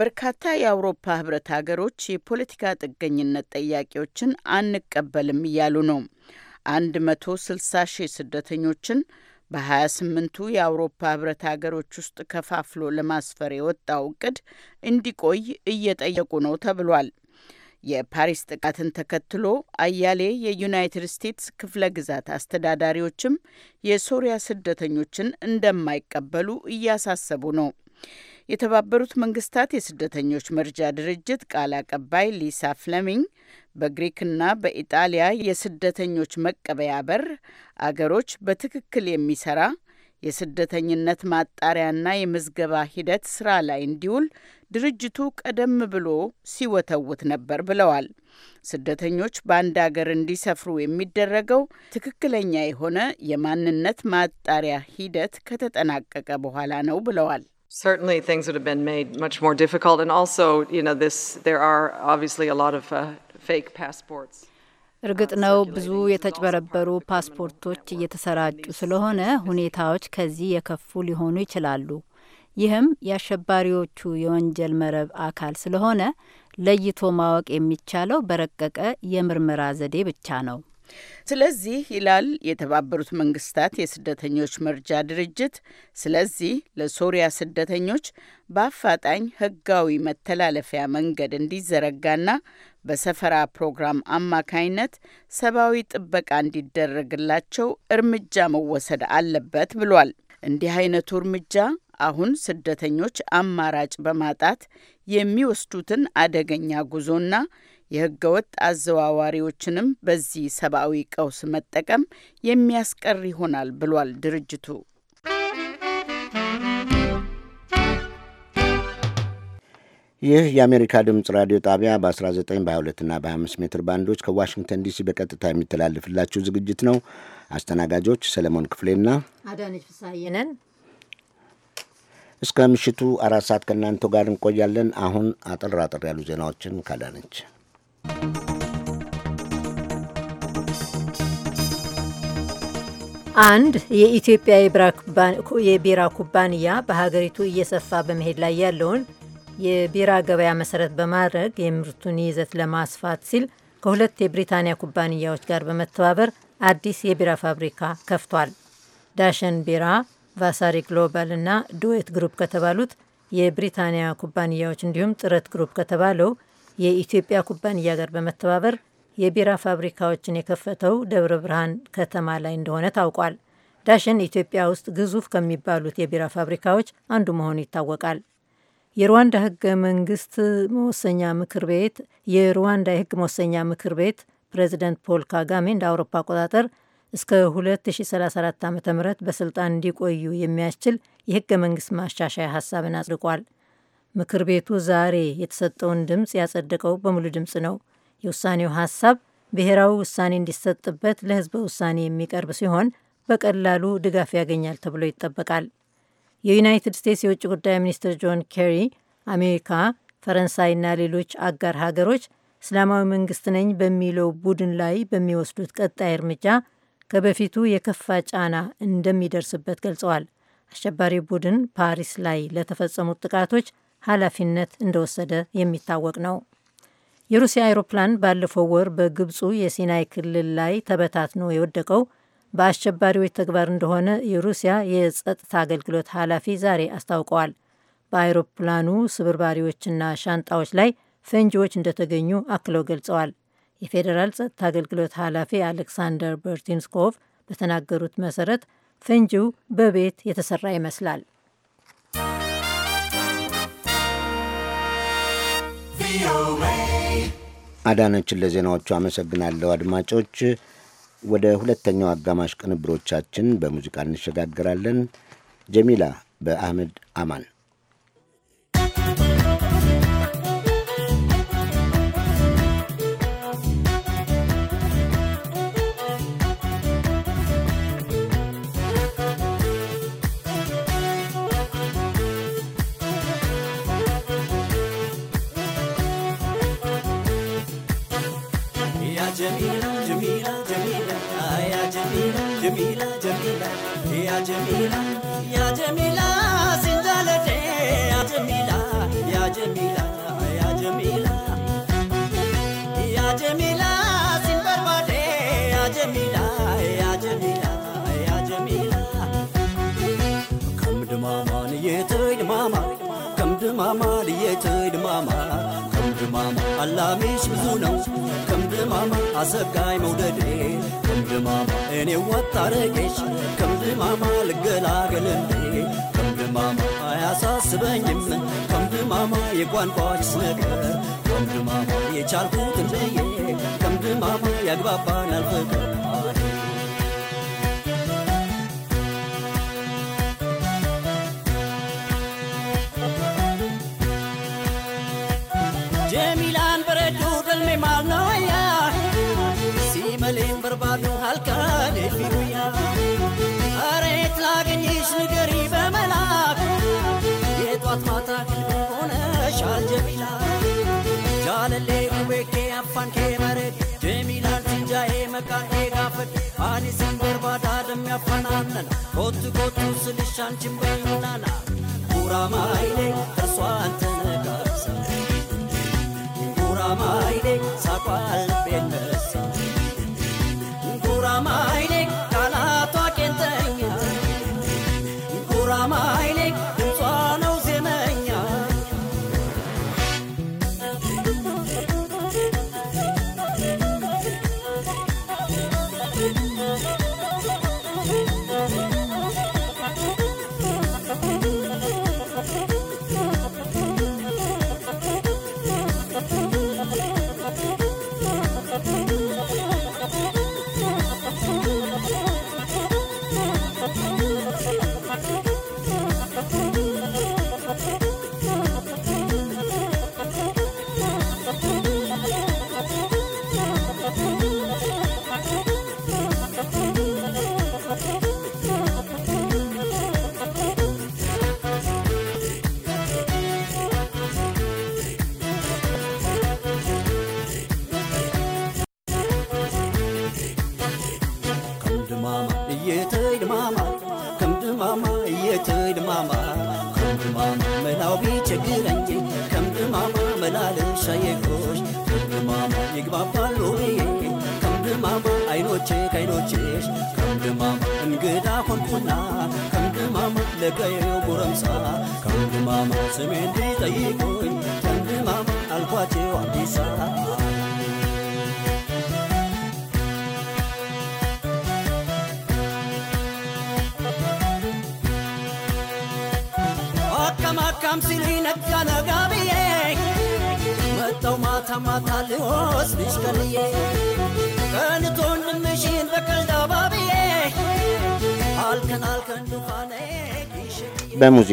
በርካታ የአውሮፓ ህብረት ሀገሮች የፖለቲካ ጥገኝነት ጥያቄዎችን አንቀበልም እያሉ ነው። አንድ መቶ ስልሳ ሺህ ስደተኞችን በ28ቱ የአውሮፓ ህብረት ሀገሮች ውስጥ ከፋፍሎ ለማስፈር የወጣው እቅድ እንዲቆይ እየጠየቁ ነው ተብሏል። የፓሪስ ጥቃትን ተከትሎ አያሌ የዩናይትድ ስቴትስ ክፍለ ግዛት አስተዳዳሪዎችም የሶሪያ ስደተኞችን እንደማይቀበሉ እያሳሰቡ ነው። የተባበሩት መንግስታት የስደተኞች መርጃ ድርጅት ቃል አቀባይ ሊሳ ፍለሚንግ በግሪክና በኢጣሊያ የስደተኞች መቀበያ በር አገሮች በትክክል የሚሰራ የስደተኝነት ማጣሪያና የምዝገባ ሂደት ስራ ላይ እንዲውል ድርጅቱ ቀደም ብሎ ሲወተውት ነበር ብለዋል። ስደተኞች በአንድ አገር እንዲሰፍሩ የሚደረገው ትክክለኛ የሆነ የማንነት ማጣሪያ ሂደት ከተጠናቀቀ በኋላ ነው ብለዋል። Certainly, things would have been made much more difficult, and also, you know, this there are obviously a lot of uh, fake passports. እርግጥ ነው ብዙ የተጭበረበሩ ፓስፖርቶች እየተሰራጩ ስለሆነ ሁኔታዎች ከዚህ የከፉ ሊሆኑ ይችላሉ። ይህም የአሸባሪዎቹ የወንጀል መረብ አካል ስለሆነ ለይቶ ማወቅ የሚቻለው በረቀቀ የምርመራ ዘዴ ብቻ ነው። ስለዚህ ይላል የተባበሩት መንግስታት የስደተኞች መርጃ ድርጅት፣ ስለዚህ ለሶሪያ ስደተኞች በአፋጣኝ ህጋዊ መተላለፊያ መንገድ እንዲዘረጋና በሰፈራ ፕሮግራም አማካይነት ሰብአዊ ጥበቃ እንዲደረግላቸው እርምጃ መወሰድ አለበት ብሏል። እንዲህ አይነቱ እርምጃ አሁን ስደተኞች አማራጭ በማጣት የሚወስዱትን አደገኛ ጉዞና የህገወጥ አዘዋዋሪዎችንም በዚህ ሰብአዊ ቀውስ መጠቀም የሚያስቀር ይሆናል ብሏል ድርጅቱ። ይህ የአሜሪካ ድምፅ ራዲዮ ጣቢያ በ19 በ22ና በ25 ሜትር ባንዶች ከዋሽንግተን ዲሲ በቀጥታ የሚተላልፍላችሁ ዝግጅት ነው። አስተናጋጆች ሰለሞን ክፍሌና አዳነች ፍስሐየነን እስከ ምሽቱ አራት ሰዓት ከእናንተው ጋር እንቆያለን። አሁን አጠር አጠር ያሉ ዜናዎችን ካዳነች አንድ የኢትዮጵያ የቢራ ኩባንያ በሀገሪቱ እየሰፋ በመሄድ ላይ ያለውን የቢራ ገበያ መሰረት በማድረግ የምርቱን ይዘት ለማስፋት ሲል ከሁለት የብሪታንያ ኩባንያዎች ጋር በመተባበር አዲስ የቢራ ፋብሪካ ከፍቷል። ዳሸን ቢራ፣ ቫሳሪ ግሎባል እና ዱዌት ግሩፕ ከተባሉት የብሪታንያ ኩባንያዎች እንዲሁም ጥረት ግሩፕ ከተባለው የኢትዮጵያ ኩባንያ ጋር በመተባበር የቢራ ፋብሪካዎችን የከፈተው ደብረ ብርሃን ከተማ ላይ እንደሆነ ታውቋል። ዳሽን ኢትዮጵያ ውስጥ ግዙፍ ከሚባሉት የቢራ ፋብሪካዎች አንዱ መሆኑ ይታወቃል። የሩዋንዳ ህገ መንግስት መወሰኛ ምክር ቤት የሩዋንዳ የህግ መወሰኛ ምክር ቤት ፕሬዚደንት ፖል ካጋሜ እንደ አውሮፓ አቆጣጠር እስከ 2034 ዓ ም በስልጣን እንዲቆዩ የሚያስችል የህገ መንግስት ማሻሻያ ሀሳብን አጽድቋል። ምክር ቤቱ ዛሬ የተሰጠውን ድምፅ ያጸደቀው በሙሉ ድምፅ ነው። የውሳኔው ሀሳብ ብሔራዊ ውሳኔ እንዲሰጥበት ለህዝበ ውሳኔ የሚቀርብ ሲሆን በቀላሉ ድጋፍ ያገኛል ተብሎ ይጠበቃል። የዩናይትድ ስቴትስ የውጭ ጉዳይ ሚኒስትር ጆን ኬሪ አሜሪካ፣ ፈረንሳይና ሌሎች አጋር ሀገሮች እስላማዊ መንግስት ነኝ በሚለው ቡድን ላይ በሚወስዱት ቀጣይ እርምጃ ከበፊቱ የከፋ ጫና እንደሚደርስበት ገልጸዋል። አሸባሪ ቡድን ፓሪስ ላይ ለተፈጸሙት ጥቃቶች ኃላፊነት እንደወሰደ የሚታወቅ ነው። የሩሲያ አውሮፕላን ባለፈው ወር በግብፁ የሲናይ ክልል ላይ ተበታትኖ የወደቀው በአሸባሪዎች ተግባር እንደሆነ የሩሲያ የጸጥታ አገልግሎት ኃላፊ ዛሬ አስታውቀዋል። በአውሮፕላኑ ስብርባሪዎችና ሻንጣዎች ላይ ፈንጂዎች እንደተገኙ አክለው ገልጸዋል። የፌዴራል ጸጥታ አገልግሎት ኃላፊ አሌክሳንደር በርቲንስኮቭ በተናገሩት መሰረት ፈንጂው በቤት የተሰራ ይመስላል። አዳነችን ለዜናዎቹ አመሰግናለሁ። አድማጮች፣ ወደ ሁለተኛው አጋማሽ ቅንብሮቻችን በሙዚቃ እንሸጋግራለን። ጀሚላ በአህመድ አማን ከምድማማ ልየት ድማማ ከምድማማ አላሜሽ ብዙ ነው ከምድማማ አሰጋይ መውደዴ ከምድማማ እኔ ወጣረቄሽ ከምድማማ ልገላገልንዴ ከምድማማ አያሳስበኝም ከምድማማ የቋንቋች ነገር ከምድማማ የቻልኩትን ብዬ ከምድማማ ያግባባናል ፍቅር afaan jamiilaa Jaalallee qubee kee afaan kee bareede jamiilaan siin jaa'ee maqaan kee gaafadhe ani sin barbaada dammi afaan aannan kootu kootu sin ishaan chimbee naana Buuramaa ilee taswaan tanagaasa Buuramaa ilee saaqwaan libbeen mersa Buuramaa ilee kanaatwaa keentanya Buuramaa ilee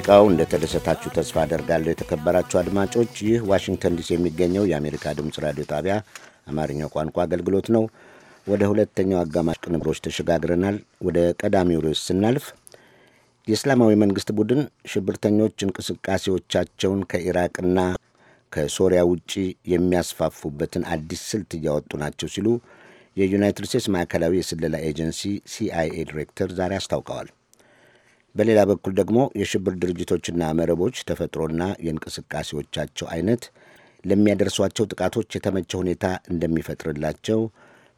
በሙዚቃው እንደተደሰታችሁ ተስፋ አደርጋለሁ። የተከበራችሁ አድማጮች፣ ይህ ዋሽንግተን ዲሲ የሚገኘው የአሜሪካ ድምፅ ራዲዮ ጣቢያ አማርኛው ቋንቋ አገልግሎት ነው። ወደ ሁለተኛው አጋማሽ ቅንብሮች ተሸጋግረናል። ወደ ቀዳሚው ርዕስ ስናልፍ የእስላማዊ መንግስት ቡድን ሽብርተኞች እንቅስቃሴዎቻቸውን ከኢራቅና ከሶሪያ ውጪ የሚያስፋፉበትን አዲስ ስልት እያወጡ ናቸው ሲሉ የዩናይትድ ስቴትስ ማዕከላዊ የስለላ ኤጀንሲ ሲአይኤ ዲሬክተር ዛሬ አስታውቀዋል። በሌላ በኩል ደግሞ የሽብር ድርጅቶችና መረቦች ተፈጥሮና የእንቅስቃሴዎቻቸው አይነት ለሚያደርሷቸው ጥቃቶች የተመቸ ሁኔታ እንደሚፈጥርላቸው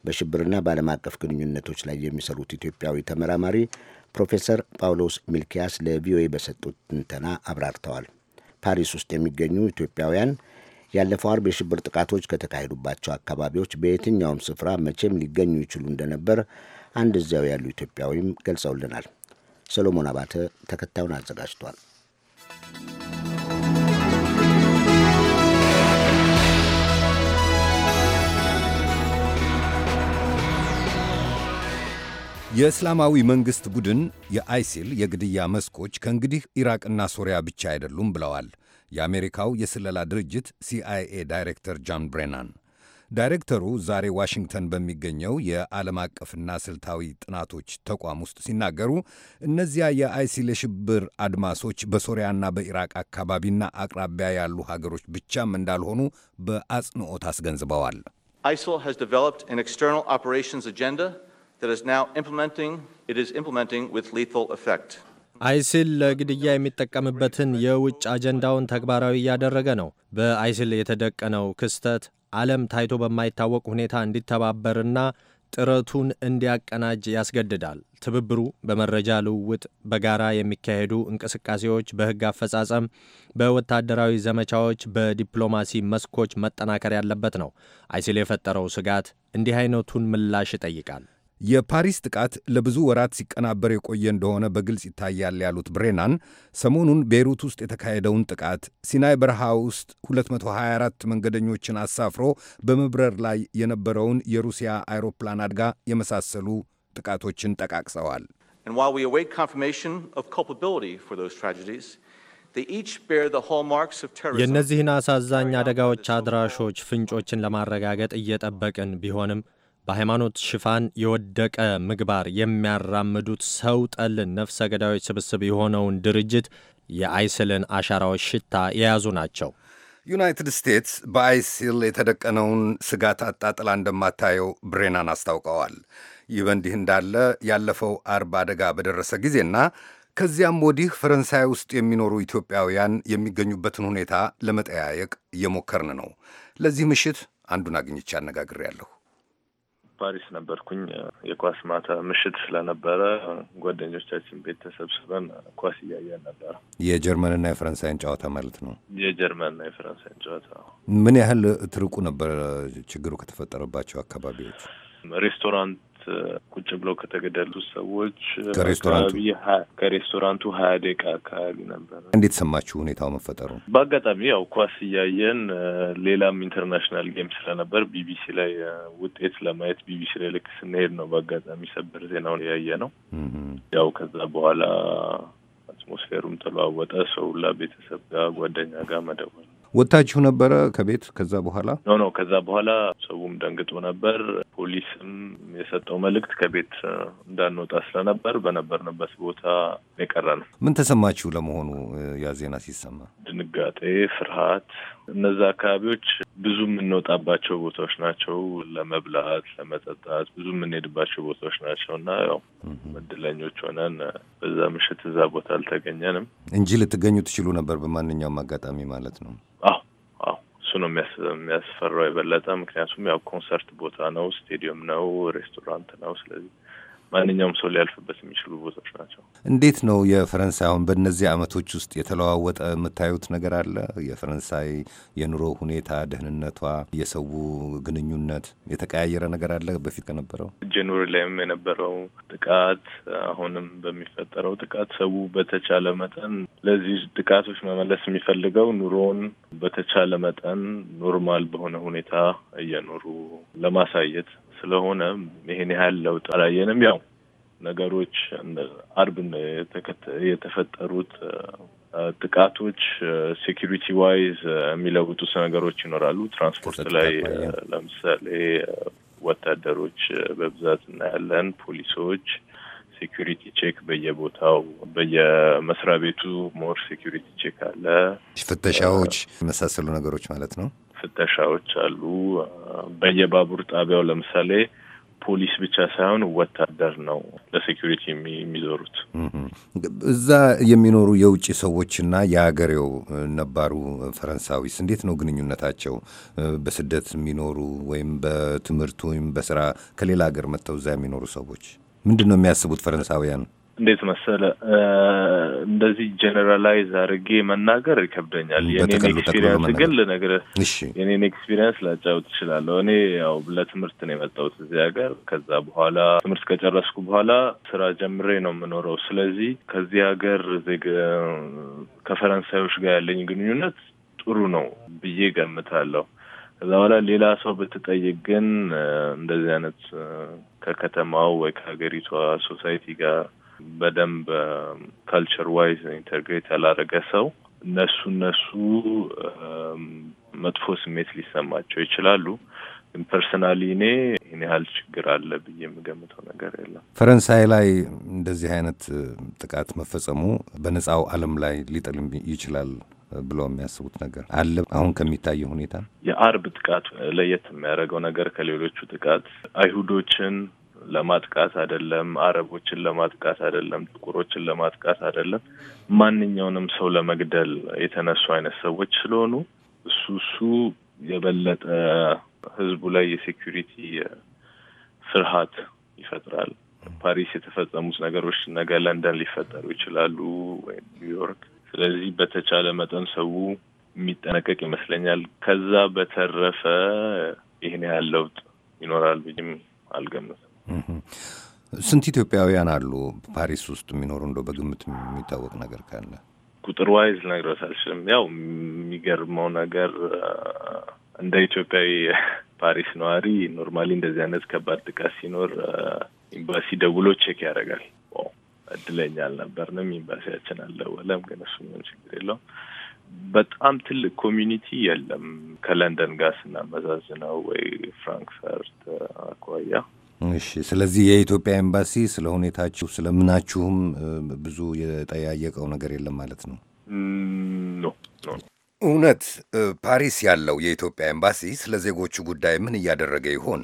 በሽብርና በዓለም አቀፍ ግንኙነቶች ላይ የሚሰሩት ኢትዮጵያዊ ተመራማሪ ፕሮፌሰር ጳውሎስ ሚልኪያስ ለቪኦኤ በሰጡት ትንተና አብራርተዋል። ፓሪስ ውስጥ የሚገኙ ኢትዮጵያውያን ያለፈው አርብ የሽብር ጥቃቶች ከተካሄዱባቸው አካባቢዎች በየትኛውም ስፍራ መቼም ሊገኙ ይችሉ እንደነበር አንድ እዚያው ያሉ ኢትዮጵያዊም ገልጸውልናል። ሰሎሞን አባተ ተከታዩን አዘጋጅቷል። የእስላማዊ መንግሥት ቡድን የአይሲል የግድያ መስኮች ከእንግዲህ ኢራቅና ሶሪያ ብቻ አይደሉም ብለዋል የአሜሪካው የስለላ ድርጅት ሲአይኤ ዳይሬክተር ጃን ብሬናን። ዳይሬክተሩ ዛሬ ዋሽንግተን በሚገኘው የዓለም አቀፍና ስልታዊ ጥናቶች ተቋም ውስጥ ሲናገሩ እነዚያ የአይሲል የሽብር አድማሶች በሶሪያና በኢራቅ አካባቢና አቅራቢያ ያሉ ሀገሮች ብቻም እንዳልሆኑ በአጽንኦት አስገንዝበዋል። አይሲል has developed an external operations agenda that is now implementing it is implementing with lethal effect አይሲል ለግድያ የሚጠቀምበትን የውጭ አጀንዳውን ተግባራዊ እያደረገ ነው። በአይሲል የተደቀነው ክስተት ዓለም ታይቶ በማይታወቅ ሁኔታ እንዲተባበርና ጥረቱን እንዲያቀናጅ ያስገድዳል። ትብብሩ በመረጃ ልውውጥ፣ በጋራ የሚካሄዱ እንቅስቃሴዎች፣ በሕግ አፈጻጸም፣ በወታደራዊ ዘመቻዎች፣ በዲፕሎማሲ መስኮች መጠናከር ያለበት ነው። አይሲል የፈጠረው ስጋት እንዲህ አይነቱን ምላሽ ይጠይቃል። የፓሪስ ጥቃት ለብዙ ወራት ሲቀናበር የቆየ እንደሆነ በግልጽ ይታያል ያሉት ብሬናን ሰሞኑን ቤይሩት ውስጥ የተካሄደውን ጥቃት፣ ሲናይ በረሃ ውስጥ 224 መንገደኞችን አሳፍሮ በመብረር ላይ የነበረውን የሩሲያ አይሮፕላን አድጋ የመሳሰሉ ጥቃቶችን ጠቃቅሰዋል። የእነዚህን አሳዛኝ አደጋዎች አድራሾች ፍንጮችን ለማረጋገጥ እየጠበቅን ቢሆንም በሃይማኖት ሽፋን የወደቀ ምግባር የሚያራምዱት ሰው ጠልን ነፍሰ ገዳዮች ስብስብ የሆነውን ድርጅት የአይስልን አሻራዎች ሽታ የያዙ ናቸው። ዩናይትድ ስቴትስ በአይሲል የተደቀነውን ስጋት አጣጥላ እንደማታየው ብሬናን አስታውቀዋል። ይህ በእንዲህ እንዳለ ያለፈው አርብ አደጋ በደረሰ ጊዜና ከዚያም ወዲህ ፈረንሳይ ውስጥ የሚኖሩ ኢትዮጵያውያን የሚገኙበትን ሁኔታ ለመጠያየቅ እየሞከርን ነው። ለዚህ ምሽት አንዱን አግኝቼ አነጋግሬያለሁ። ፓሪስ ነበርኩኝ። የኳስ ማታ ምሽት ስለነበረ ጓደኞቻችን ቤት ተሰብስበን ኳስ እያየን ነበረ። የጀርመንና የፈረንሳይን ጨዋታ ማለት ነው። የጀርመንና የፈረንሳይን ጨዋታ። ምን ያህል ትርቁ ነበር? ችግሩ ከተፈጠረባቸው አካባቢዎች ሬስቶራንት ቁጭ ብለው ከተገደሉ ሰዎች ከሬስቶራንቱ ሀያ ደቂቃ አካባቢ ነበር። እንዴት ሰማችሁ ሁኔታው መፈጠሩ? በአጋጣሚ ያው ኳስ እያየን ሌላም ኢንተርናሽናል ጌም ስለነበር ቢቢሲ ላይ ውጤት ለማየት ቢቢሲ ላይ ልክ ስንሄድ ነው በአጋጣሚ ሰበር ዜናውን ያየ ነው። ያው ከዛ በኋላ አትሞስፌሩም ተለዋወጠ። ሰው ሁላ ቤተሰብ ጋር ጓደኛ ጋር መደወል ወጥታችሁ ነበረ ከቤት? ከዛ በኋላ ኖ ኖ ከዛ በኋላ ሰውም ደንግጦ ነበር። ፖሊስም የሰጠው መልእክት ከቤት እንዳንወጣ ስለነበር በነበርንበት ቦታ የቀረ ነው። ምን ተሰማችሁ ለመሆኑ ያ ዜና ሲሰማ? ድንጋጤ፣ ፍርሃት እነዚ አካባቢዎች ብዙ የምንወጣባቸው ቦታዎች ናቸው። ለመብላት፣ ለመጠጣት ብዙ የምንሄድባቸው ቦታዎች ናቸው እና ያው እድለኞች ሆነን በዛ ምሽት እዛ ቦታ አልተገኘንም እንጂ ልትገኙ ትችሉ ነበር በማንኛውም አጋጣሚ ማለት ነው። አዎ አዎ፣ እሱ ነው የሚያስፈራው የበለጠ ምክንያቱም ያው ኮንሰርት ቦታ ነው፣ ስቴዲየም ነው፣ ሬስቶራንት ነው። ስለዚህ ማንኛውም ሰው ሊያልፍበት የሚችሉ ቦታዎች ናቸው። እንዴት ነው የፈረንሳይ አሁን በእነዚህ አመቶች ውስጥ የተለዋወጠ የምታዩት ነገር አለ? የፈረንሳይ የኑሮ ሁኔታ፣ ደህንነቷ፣ የሰው ግንኙነት የተቀያየረ ነገር አለ በፊት ከነበረው? ጀኑሪ ላይም የነበረው ጥቃት፣ አሁንም በሚፈጠረው ጥቃት ሰው በተቻለ መጠን ለዚህ ጥቃቶች መመለስ የሚፈልገው ኑሮውን በተቻለ መጠን ኖርማል በሆነ ሁኔታ እየኖሩ ለማሳየት ስለሆነ ይሄን ያህል ለውጥ አላየንም። ያው ነገሮች አርብን የተፈጠሩት ጥቃቶች ሴኪሪቲ ዋይዝ የሚለውጡት ነገሮች ይኖራሉ። ትራንስፖርት ላይ ለምሳሌ ወታደሮች በብዛት እናያለን። ፖሊሶች ሴኪሪቲ ቼክ በየቦታው በየመስሪያ ቤቱ ሞር ሴኪሪቲ ቼክ አለ። ፍተሻዎች የመሳሰሉ ነገሮች ማለት ነው። ፍተሻዎች አሉ። በየባቡር ጣቢያው ለምሳሌ ፖሊስ ብቻ ሳይሆን ወታደር ነው ለሴኪሪቲ የሚዞሩት። እዛ የሚኖሩ የውጭ ሰዎችና የአገሬው ነባሩ ፈረንሳዊስ እንዴት ነው ግንኙነታቸው? በስደት የሚኖሩ ወይም በትምህርት ወይም በስራ ከሌላ ሀገር መጥተው እዛ የሚኖሩ ሰዎች ምንድን ነው የሚያስቡት ፈረንሳውያን? እንዴት መሰለ እንደዚህ ጀነራላይዝ አድርጌ መናገር ይከብደኛል። የኔን ኤክስፒሪንስ ግን ልነግርህ፣ የኔን ኤክስፒሪንስ ላጫውት እችላለሁ። እኔ ያው ለትምህርት ነው የመጣሁት እዚህ ሀገር። ከዛ በኋላ ትምህርት ከጨረስኩ በኋላ ስራ ጀምሬ ነው የምኖረው። ስለዚህ ከዚህ ሀገር ከፈረንሳዮች ጋር ያለኝ ግንኙነት ጥሩ ነው ብዬ ገምታለሁ። ከዛ በኋላ ሌላ ሰው ብትጠይቅ ግን እንደዚህ አይነት ከከተማው ወይ ከሀገሪቷ ሶሳይቲ ጋር በደንብ ካልቸር ዋይዝ ኢንተግሬት ያላረገ ሰው እነሱ እነሱ መጥፎ ስሜት ሊሰማቸው ይችላሉ። ግን ፐርሰናሊ እኔ ይህን ያህል ችግር አለ ብዬ የምገምተው ነገር የለም። ፈረንሳይ ላይ እንደዚህ አይነት ጥቃት መፈጸሙ በነፃው ዓለም ላይ ሊጥልም ይችላል ብለው የሚያስቡት ነገር አለ። አሁን ከሚታየው ሁኔታ የአርብ ጥቃት ለየት የሚያደርገው ነገር ከሌሎቹ ጥቃት አይሁዶችን ለማጥቃት አይደለም፣ አረቦችን ለማጥቃት አይደለም፣ ጥቁሮችን ለማጥቃት አይደለም፣ ማንኛውንም ሰው ለመግደል የተነሱ አይነት ሰዎች ስለሆኑ እሱ እሱ የበለጠ ህዝቡ ላይ የሴኩሪቲ ፍርሃት ይፈጥራል። ፓሪስ የተፈጸሙት ነገሮች ነገ ለንደን ሊፈጠሩ ይችላሉ ወይም ኒውዮርክ። ስለዚህ በተቻለ መጠን ሰው የሚጠነቀቅ ይመስለኛል። ከዛ በተረፈ ይህን ያህል ለውጥ ይኖራል ብዬም አልገምትም። ስንት ኢትዮጵያውያን አሉ ፓሪስ ውስጥ የሚኖሩ? እንደው በግምት የሚታወቅ ነገር ካለ ቁጥር ዋይዝ ልነግሮት አልችልም። ያው የሚገርመው ነገር እንደ ኢትዮጵያዊ ፓሪስ ነዋሪ ኖርማሊ እንደዚህ አይነት ከባድ ጥቃት ሲኖር ኤምባሲ ደውሎ ቼክ ያደርጋል። እድለኛ አልነበርንም፣ ኤምባሲያችን አልደወለም። ግን እሱ ምንም ችግር የለውም። በጣም ትልቅ ኮሚኒቲ የለም ከለንደን ጋር ስናመዛዝነው ወይ ፍራንክፈርት አኳያ እሺ። ስለዚህ የኢትዮጵያ ኤምባሲ ስለ ሁኔታችሁ ስለምናችሁም ብዙ የጠያየቀው ነገር የለም ማለት ነው? እውነት ፓሪስ ያለው የኢትዮጵያ ኤምባሲ ስለ ዜጎቹ ጉዳይ ምን እያደረገ ይሆን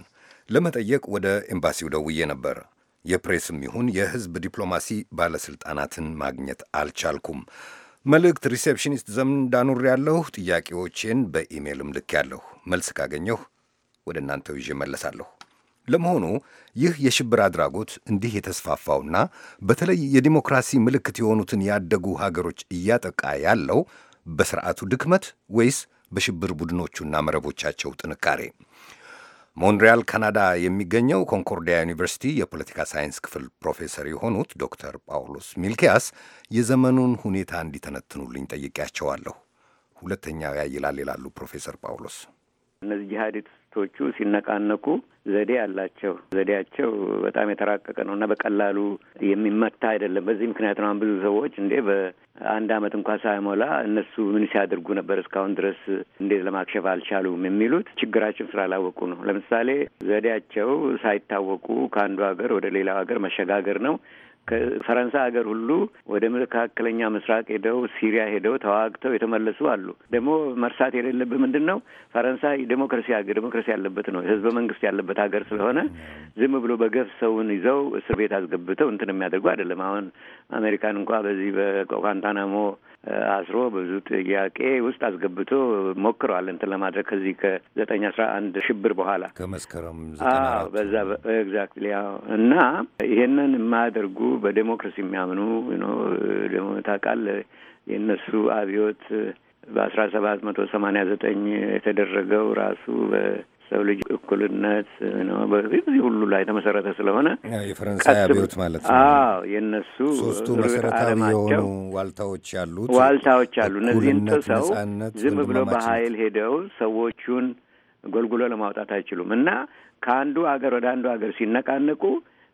ለመጠየቅ ወደ ኤምባሲው ደውዬ ነበር። የፕሬስም ይሁን የሕዝብ ዲፕሎማሲ ባለሥልጣናትን ማግኘት አልቻልኩም። መልእክት ሪሴፕሽኒስት ዘንድ ያለሁ ጥያቄዎቼን በኢሜይልም ያለሁ መልስ ካገኘሁ ወደ እናንተው ይዤ መለሳለሁ። ለመሆኑ ይህ የሽብር አድራጎት እንዲህ የተስፋፋውና በተለይ የዲሞክራሲ ምልክት የሆኑትን ያደጉ ሀገሮች እያጠቃ ያለው በስርዓቱ ድክመት ወይስ በሽብር ቡድኖቹና መረቦቻቸው ጥንካሬ? ሞንሪያል ካናዳ የሚገኘው ኮንኮርዲያ ዩኒቨርሲቲ የፖለቲካ ሳይንስ ክፍል ፕሮፌሰር የሆኑት ዶክተር ጳውሎስ ሚልኪያስ የዘመኑን ሁኔታ እንዲተነትኑልኝ ጠይቄያቸዋለሁ። ሁለተኛው ያይላል ይላሉ ፕሮፌሰር ጳውሎስ። እነዚህ ጂሃዲስቶቹ ሲነቃነቁ ዘዴ አላቸው። ዘዴያቸው በጣም የተራቀቀ ነው እና በቀላሉ የሚመታ አይደለም። በዚህ ምክንያት ነው ብዙ ሰዎች እንዴ በአንድ አመት እንኳ ሳይሞላ እነሱ ምን ሲያደርጉ ነበር እስካሁን ድረስ እንዴት ለማክሸፍ አልቻሉም የሚሉት ችግራችን ስላላወቁ ነው። ለምሳሌ ዘዴያቸው ሳይታወቁ ከአንዱ ሀገር ወደ ሌላው ሀገር መሸጋገር ነው። ከፈረንሳይ ሀገር ሁሉ ወደ መካከለኛ ምስራቅ ሄደው ሲሪያ ሄደው ተዋግተው የተመለሱ አሉ። ደግሞ መርሳት የሌለብህ ምንድን ነው ፈረንሳይ ዴሞክራሲ ሀገር ዴሞክራሲ ያለበት ነው ህዝበ መንግስት ያለበት ሀገር ስለሆነ ዝም ብሎ በገፍ ሰውን ይዘው እስር ቤት አስገብተው እንትን የሚያደርጉ አይደለም። አሁን አሜሪካን እንኳ በዚህ በጓንታናሞ አስሮ ብዙ ጥያቄ ውስጥ አስገብቶ ሞክረዋል እንትን ለማድረግ ከዚህ ከዘጠኝ አስራ አንድ ሽብር በኋላ ከመስከረም በዛ ኤግዛክትሊ እና ይሄንን የማያደርጉ በዴሞክራሲ የሚያምኑ ታውቃለህ የእነሱ አብዮት በአስራ ሰባት መቶ ሰማኒያ ዘጠኝ የተደረገው ራሱ ሰው ልጅ እኩልነት ነው በፊት ሁሉ ላይ ተመሰረተ ስለሆነ የፈረንሳይ አብዮት ማለት ነው። አዎ የእነሱ ሶስቱ መሰረታዊ የሆኑ ዋልታዎች ያሉት ዋልታዎች አሉ። እነዚህን ጥሰው ዝም ብሎ በኃይል ሄደው ሰዎቹን ጎልጉሎ ለማውጣት አይችሉም እና ከአንዱ ሀገር ወደ አንዱ ሀገር ሲነቃነቁ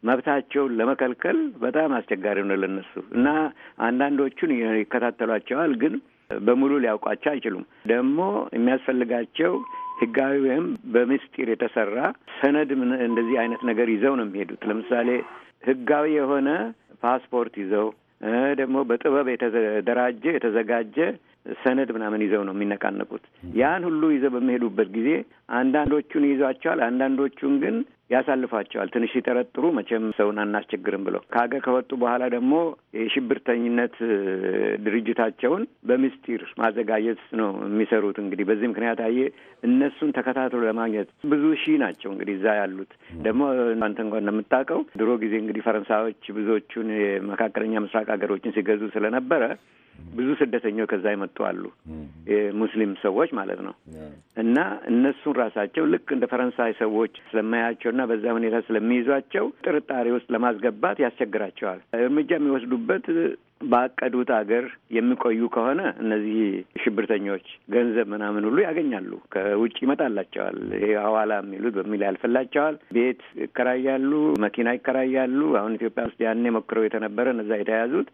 መብታቸውን ለመከልከል በጣም አስቸጋሪ ነው ለነሱ እና አንዳንዶቹን ይከታተሏቸዋል ግን በሙሉ ሊያውቋቸው አይችሉም። ደግሞ የሚያስፈልጋቸው ህጋዊ ወይም በምስጢር የተሰራ ሰነድ እንደዚህ አይነት ነገር ይዘው ነው የሚሄዱት። ለምሳሌ ህጋዊ የሆነ ፓስፖርት ይዘው ደግሞ በጥበብ የተደራጀ የተዘጋጀ ሰነድ ምናምን ይዘው ነው የሚነቃነቁት። ያን ሁሉ ይዘው በሚሄዱበት ጊዜ አንዳንዶቹን ይዟቸዋል፣ አንዳንዶቹን ግን ያሳልፋቸዋል። ትንሽ ሲጠረጥሩ መቼም ሰውን አናስቸግርም ብሎ ከሀገር ከወጡ በኋላ ደግሞ የሽብርተኝነት ድርጅታቸውን በምስጢር ማዘጋጀት ነው የሚሰሩት። እንግዲህ በዚህ ምክንያት አየ እነሱን ተከታትሎ ለማግኘት ብዙ ሺህ ናቸው። እንግዲህ እዛ ያሉት ደግሞ አንተ እንኳን እንደምታውቀው ድሮ ጊዜ እንግዲህ ፈረንሳዮች ብዙዎቹን የመካከለኛ ምስራቅ ሀገሮችን ሲገዙ ስለነበረ ብዙ ስደተኞች ከዛ የመጡ አሉ፣ የሙስሊም ሰዎች ማለት ነው። እና እነሱን ራሳቸው ልክ እንደ ፈረንሳይ ሰዎች ስለማያቸው እና በዛ ሁኔታ ስለሚይዟቸው ጥርጣሬ ውስጥ ለማስገባት ያስቸግራቸዋል። እርምጃ የሚወስዱበት ባቀዱት አገር የሚቆዩ ከሆነ እነዚህ ሽብርተኞች ገንዘብ ምናምን ሁሉ ያገኛሉ። ከውጭ ይመጣላቸዋል። ይሄ የሚሉት በሚል ያልፈላቸዋል። ቤት ይከራያሉ፣ መኪና ይከራያሉ። አሁን ኢትዮጵያ ውስጥ ያኔ ሞክረው የተነበረ እነዛ የተያዙት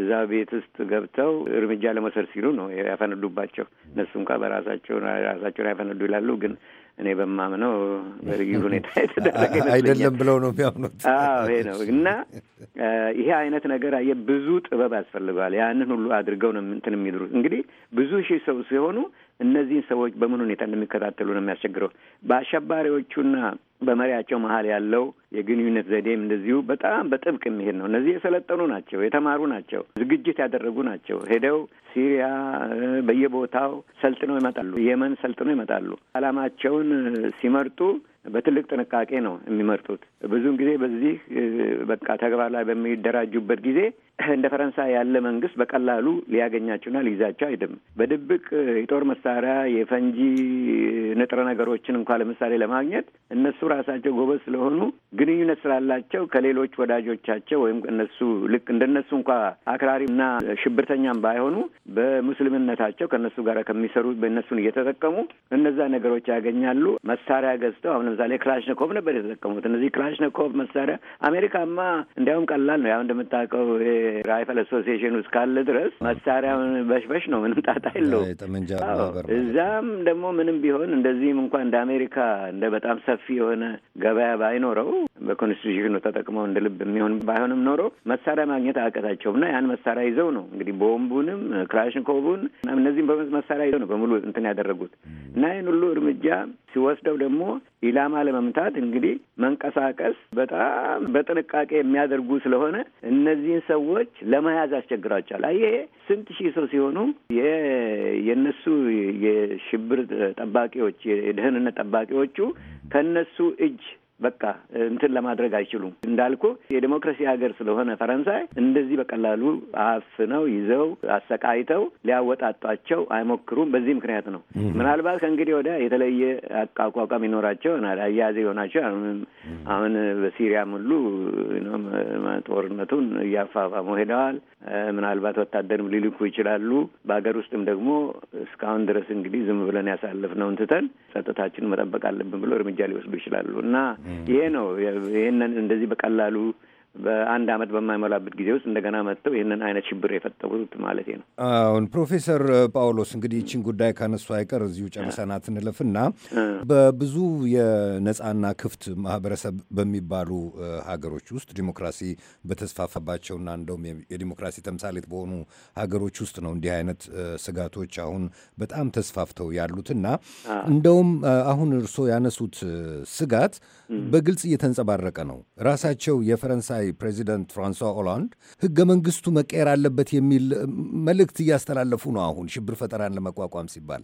እዛ ቤት ውስጥ ገብተው እርምጃ ለመውሰድ ሲሉ ነው ያፈነዱባቸው። እነሱ እንኳ በራሳቸው ራሳቸውን ያፈነዱ ይላሉ ግን እኔ በማምነው በልዩ ሁኔታ የተደረገ አይደለም ብለው ነው የሚያምኑት። ይሄ ነው እና ይሄ አይነት ነገር አየ ብዙ ጥበብ ያስፈልገዋል። ያንን ሁሉ አድርገው ነው እንትን የሚድሩት። እንግዲህ ብዙ ሺህ ሰው ሲሆኑ እነዚህን ሰዎች በምን ሁኔታ እንደሚከታተሉ ነው የሚያስቸግረው። በአሸባሪዎቹና በመሪያቸው መሀል ያለው የግንኙነት ዘዴም እንደዚሁ በጣም በጥብቅ የሚሄድ ነው። እነዚህ የሰለጠኑ ናቸው፣ የተማሩ ናቸው፣ ዝግጅት ያደረጉ ናቸው። ሄደው ሲሪያ በየቦታው ሰልጥነው ይመጣሉ። የመን ሰልጥነው ይመጣሉ። አላማቸውን ሲመርጡ በትልቅ ጥንቃቄ ነው የሚመርጡት። ብዙውን ጊዜ በዚህ በቃ ተግባር ላይ በሚደራጁበት ጊዜ እንደ ፈረንሳይ ያለ መንግስት በቀላሉ ሊያገኛቸውና ሊይዛቸው አይደም። በድብቅ የጦር መሳሪያ፣ የፈንጂ ንጥረ ነገሮችን እንኳ ለምሳሌ ለማግኘት እነሱ ራሳቸው ጎበዝ ስለሆኑ ግንኙነት ስላላቸው ከሌሎች ወዳጆቻቸው ወይም እነሱ ልክ እንደነሱ እንኳ አክራሪና ሽብርተኛም ባይሆኑ በሙስልምነታቸው ከእነሱ ጋር ከሚሰሩ በእነሱን እየተጠቀሙ እነዛ ነገሮች ያገኛሉ። መሳሪያ ገዝተው አሁን ለምሳሌ ክላሽነኮቭ ነበር የተጠቀሙት። እነዚህ ክላሽነኮቭ መሳሪያ አሜሪካማ እንዲያውም ቀላል ነው ያው እንደምታውቀው ራይፈል አሶሲሽን ውስጥ ካለ ድረስ መሳሪያውን በሽበሽ ነው። ምንም ጣጣ የለውም። እዛም ደግሞ ምንም ቢሆን እንደዚህም እንኳን እንደ አሜሪካ እንደ በጣም ሰፊ የሆነ ገበያ ባይኖረው በኮንስቲቱሽኑ ተጠቅመው እንደ ልብ የሚሆን ባይሆንም ኖሮ መሳሪያ ማግኘት አያቀታቸውም እና ያን መሳሪያ ይዘው ነው እንግዲህ ቦምቡንም ክላሽንኮቡን እነዚህም በመሳሪያ ይዘው ነው በሙሉ እንትን ያደረጉት እና ይህን ሁሉ እርምጃ ሲወስደው ደግሞ ኢላማ ለመምታት እንግዲህ መንቀሳቀስ በጣም በጥንቃቄ የሚያደርጉ ስለሆነ እነዚህን ሰዎች ለመያዝ ያስቸግራቸዋል። አየህ ስንት ሺህ ሰው ሲሆኑ የእነሱ የሽብር ጠባቂዎች፣ የደህንነት ጠባቂዎቹ ከእነሱ እጅ በቃ እንትን ለማድረግ አይችሉም። እንዳልኩ የዴሞክራሲ ሀገር ስለሆነ ፈረንሳይ እንደዚህ በቀላሉ አፍነው ይዘው አሰቃይተው ሊያወጣጧቸው አይሞክሩም። በዚህ ምክንያት ነው ምናልባት ከእንግዲህ ወደ የተለየ አቋቋም ይኖራቸው ይሆናል፣ አያያዘ ይሆናቸው። አሁን በሲሪያም ሁሉ ጦርነቱን እያፋፋሙ ሄደዋል። ምናልባት ወታደርም ሊልኩ ይችላሉ። በሀገር ውስጥም ደግሞ እስካሁን ድረስ እንግዲህ ዝም ብለን ያሳለፍነውን ትተን ጸጥታችን መጠበቅ አለብን ብሎ እርምጃ ሊወስዱ ይችላሉ እና ይሄ ነው። ይህንን እንደዚህ በቀላሉ በአንድ አመት በማይሞላበት ጊዜ ውስጥ እንደገና መጥተው ይህንን አይነት ሽብር የፈጠሩት ማለት ነው። አሁን ፕሮፌሰር ጳውሎስ እንግዲህ ይችን ጉዳይ ካነሱ አይቀር እዚሁ ጨርሰናት እንለፍና በብዙ የነጻና ክፍት ማህበረሰብ በሚባሉ ሀገሮች ውስጥ ዲሞክራሲ በተስፋፋባቸውና እንደውም የዲሞክራሲ ተምሳሌት በሆኑ ሀገሮች ውስጥ ነው እንዲህ አይነት ስጋቶች አሁን በጣም ተስፋፍተው ያሉትና እንደውም አሁን እርስዎ ያነሱት ስጋት በግልጽ እየተንጸባረቀ ነው። ራሳቸው የፈረንሳይ ፈረንሳይ ፕሬዚደንት ፍራንሷ ኦላንድ ህገ መንግስቱ መቀየር አለበት የሚል መልእክት እያስተላለፉ ነው። አሁን ሽብር ፈጠራን ለመቋቋም ሲባል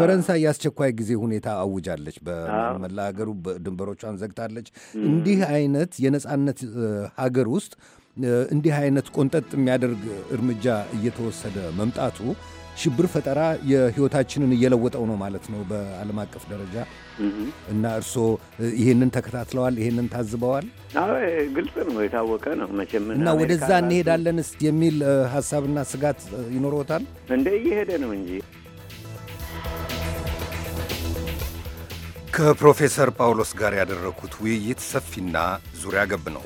ፈረንሳይ የአስቸኳይ ጊዜ ሁኔታ አውጃለች። በመላ ሀገሩ ድንበሮቿን ዘግታለች። እንዲህ አይነት የነጻነት ሀገር ውስጥ እንዲህ አይነት ቆንጠጥ የሚያደርግ እርምጃ እየተወሰደ መምጣቱ ሽብር ፈጠራ የህይወታችንን እየለወጠው ነው ማለት ነው በዓለም አቀፍ ደረጃ እና እርስዎ ይሄንን ተከታትለዋል፣ ይሄንን ታዝበዋል። ግልጽ ነው፣ የታወቀ ነው መቼም እና ወደዛ እንሄዳለንስ የሚል ሀሳብና ስጋት ይኖሮታል እንደ እየሄደ ነው እንጂ ከፕሮፌሰር ጳውሎስ ጋር ያደረግኩት ውይይት ሰፊና ዙሪያ ገብ ነው።